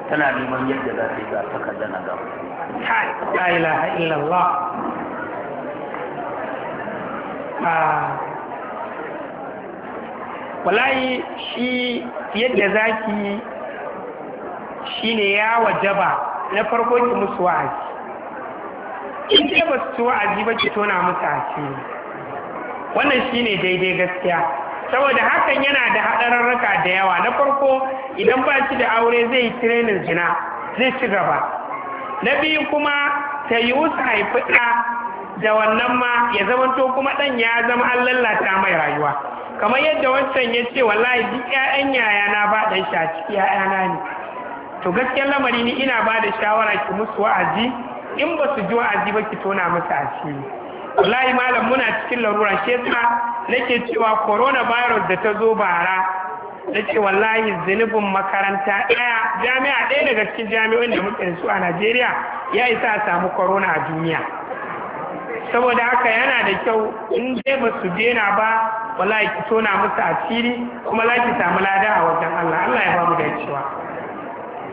tana neman yadda za ta yi ga takardar na gaba. La ilaha illallah wallahi shi yadda zaki shine ya wajaba na farko ki musu wa'azi in ce ba su wa'azi ba ki tona musu asiri wannan shine daidai gaskiya saboda hakan yana da haɗararraka da yawa na farko idan ba shi da aure zai yi tirenin jina, zai ci gaba na biyu kuma ta yi wusa haifi ɗa da wannan ma ya zamanto kuma ɗan ya zama an lallata mai rayuwa kamar yadda wancan ya ce wallahi duk 'ya'yan yayana ba dan shi a ciki 'ya'yana ne to gaskiyar lamari ni ina ba da shawara ki musu wa'azi in ba su ji wa'azi ba ki tona musu a ciki. wallahi malam muna cikin larura shi yasa nake cewa coronavirus da ta zo bara da wallahi zunubin makaranta ɗaya jami'a ɗaya daga cikin jami'o'in da muke su a najeriya ya isa a samu corona a duniya saboda haka yana da kyau in dai ba su dena ba wala ki tona musu asiri kuma za ki samu lada a wajen Allah Allah ya ba mu da cewa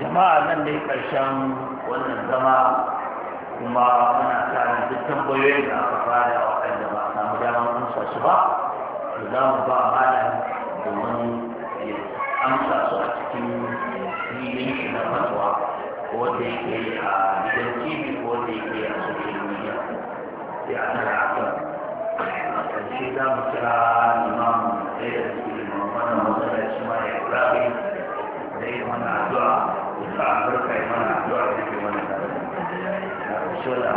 jama'a nan dai karshen wannan zama kuma muna tsarin duk tambayoyin da aka fara waɗanda ba samu damar amsa su ba to za mu ba malam domin ya amsa su a cikin filin shi na fatwa wanda yake a gidan tv ya tara aka kwanci za mu kira nuna mu da ya ke mamana wata da shi ma ya rafi da ya mana zuwa da ta abarka ya mana zuwa da ke mana da ya rushe da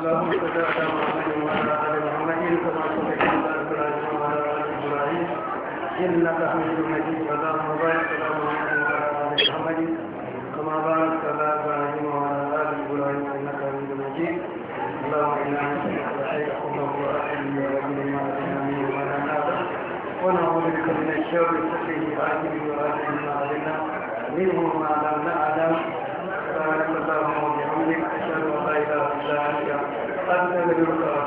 اللهم صل على محمد وعلى ال محمد كما صليت إنك حميد مجيد اللهم بارك على محمد وعلى آل محمد كما بارك على إبراهيم وعلى آل إبراهيم إنك حميد مجيد اللهم إنا نسألك الخير كله وأهله ومن ما علمنا ولا نعلم ونعوذ بك من الشر كله آمين وآمين ما علمنا منه ما لم نعلم سبحانك اللهم وبحمدك أشهد أن لا إله إلا أنت أستغفرك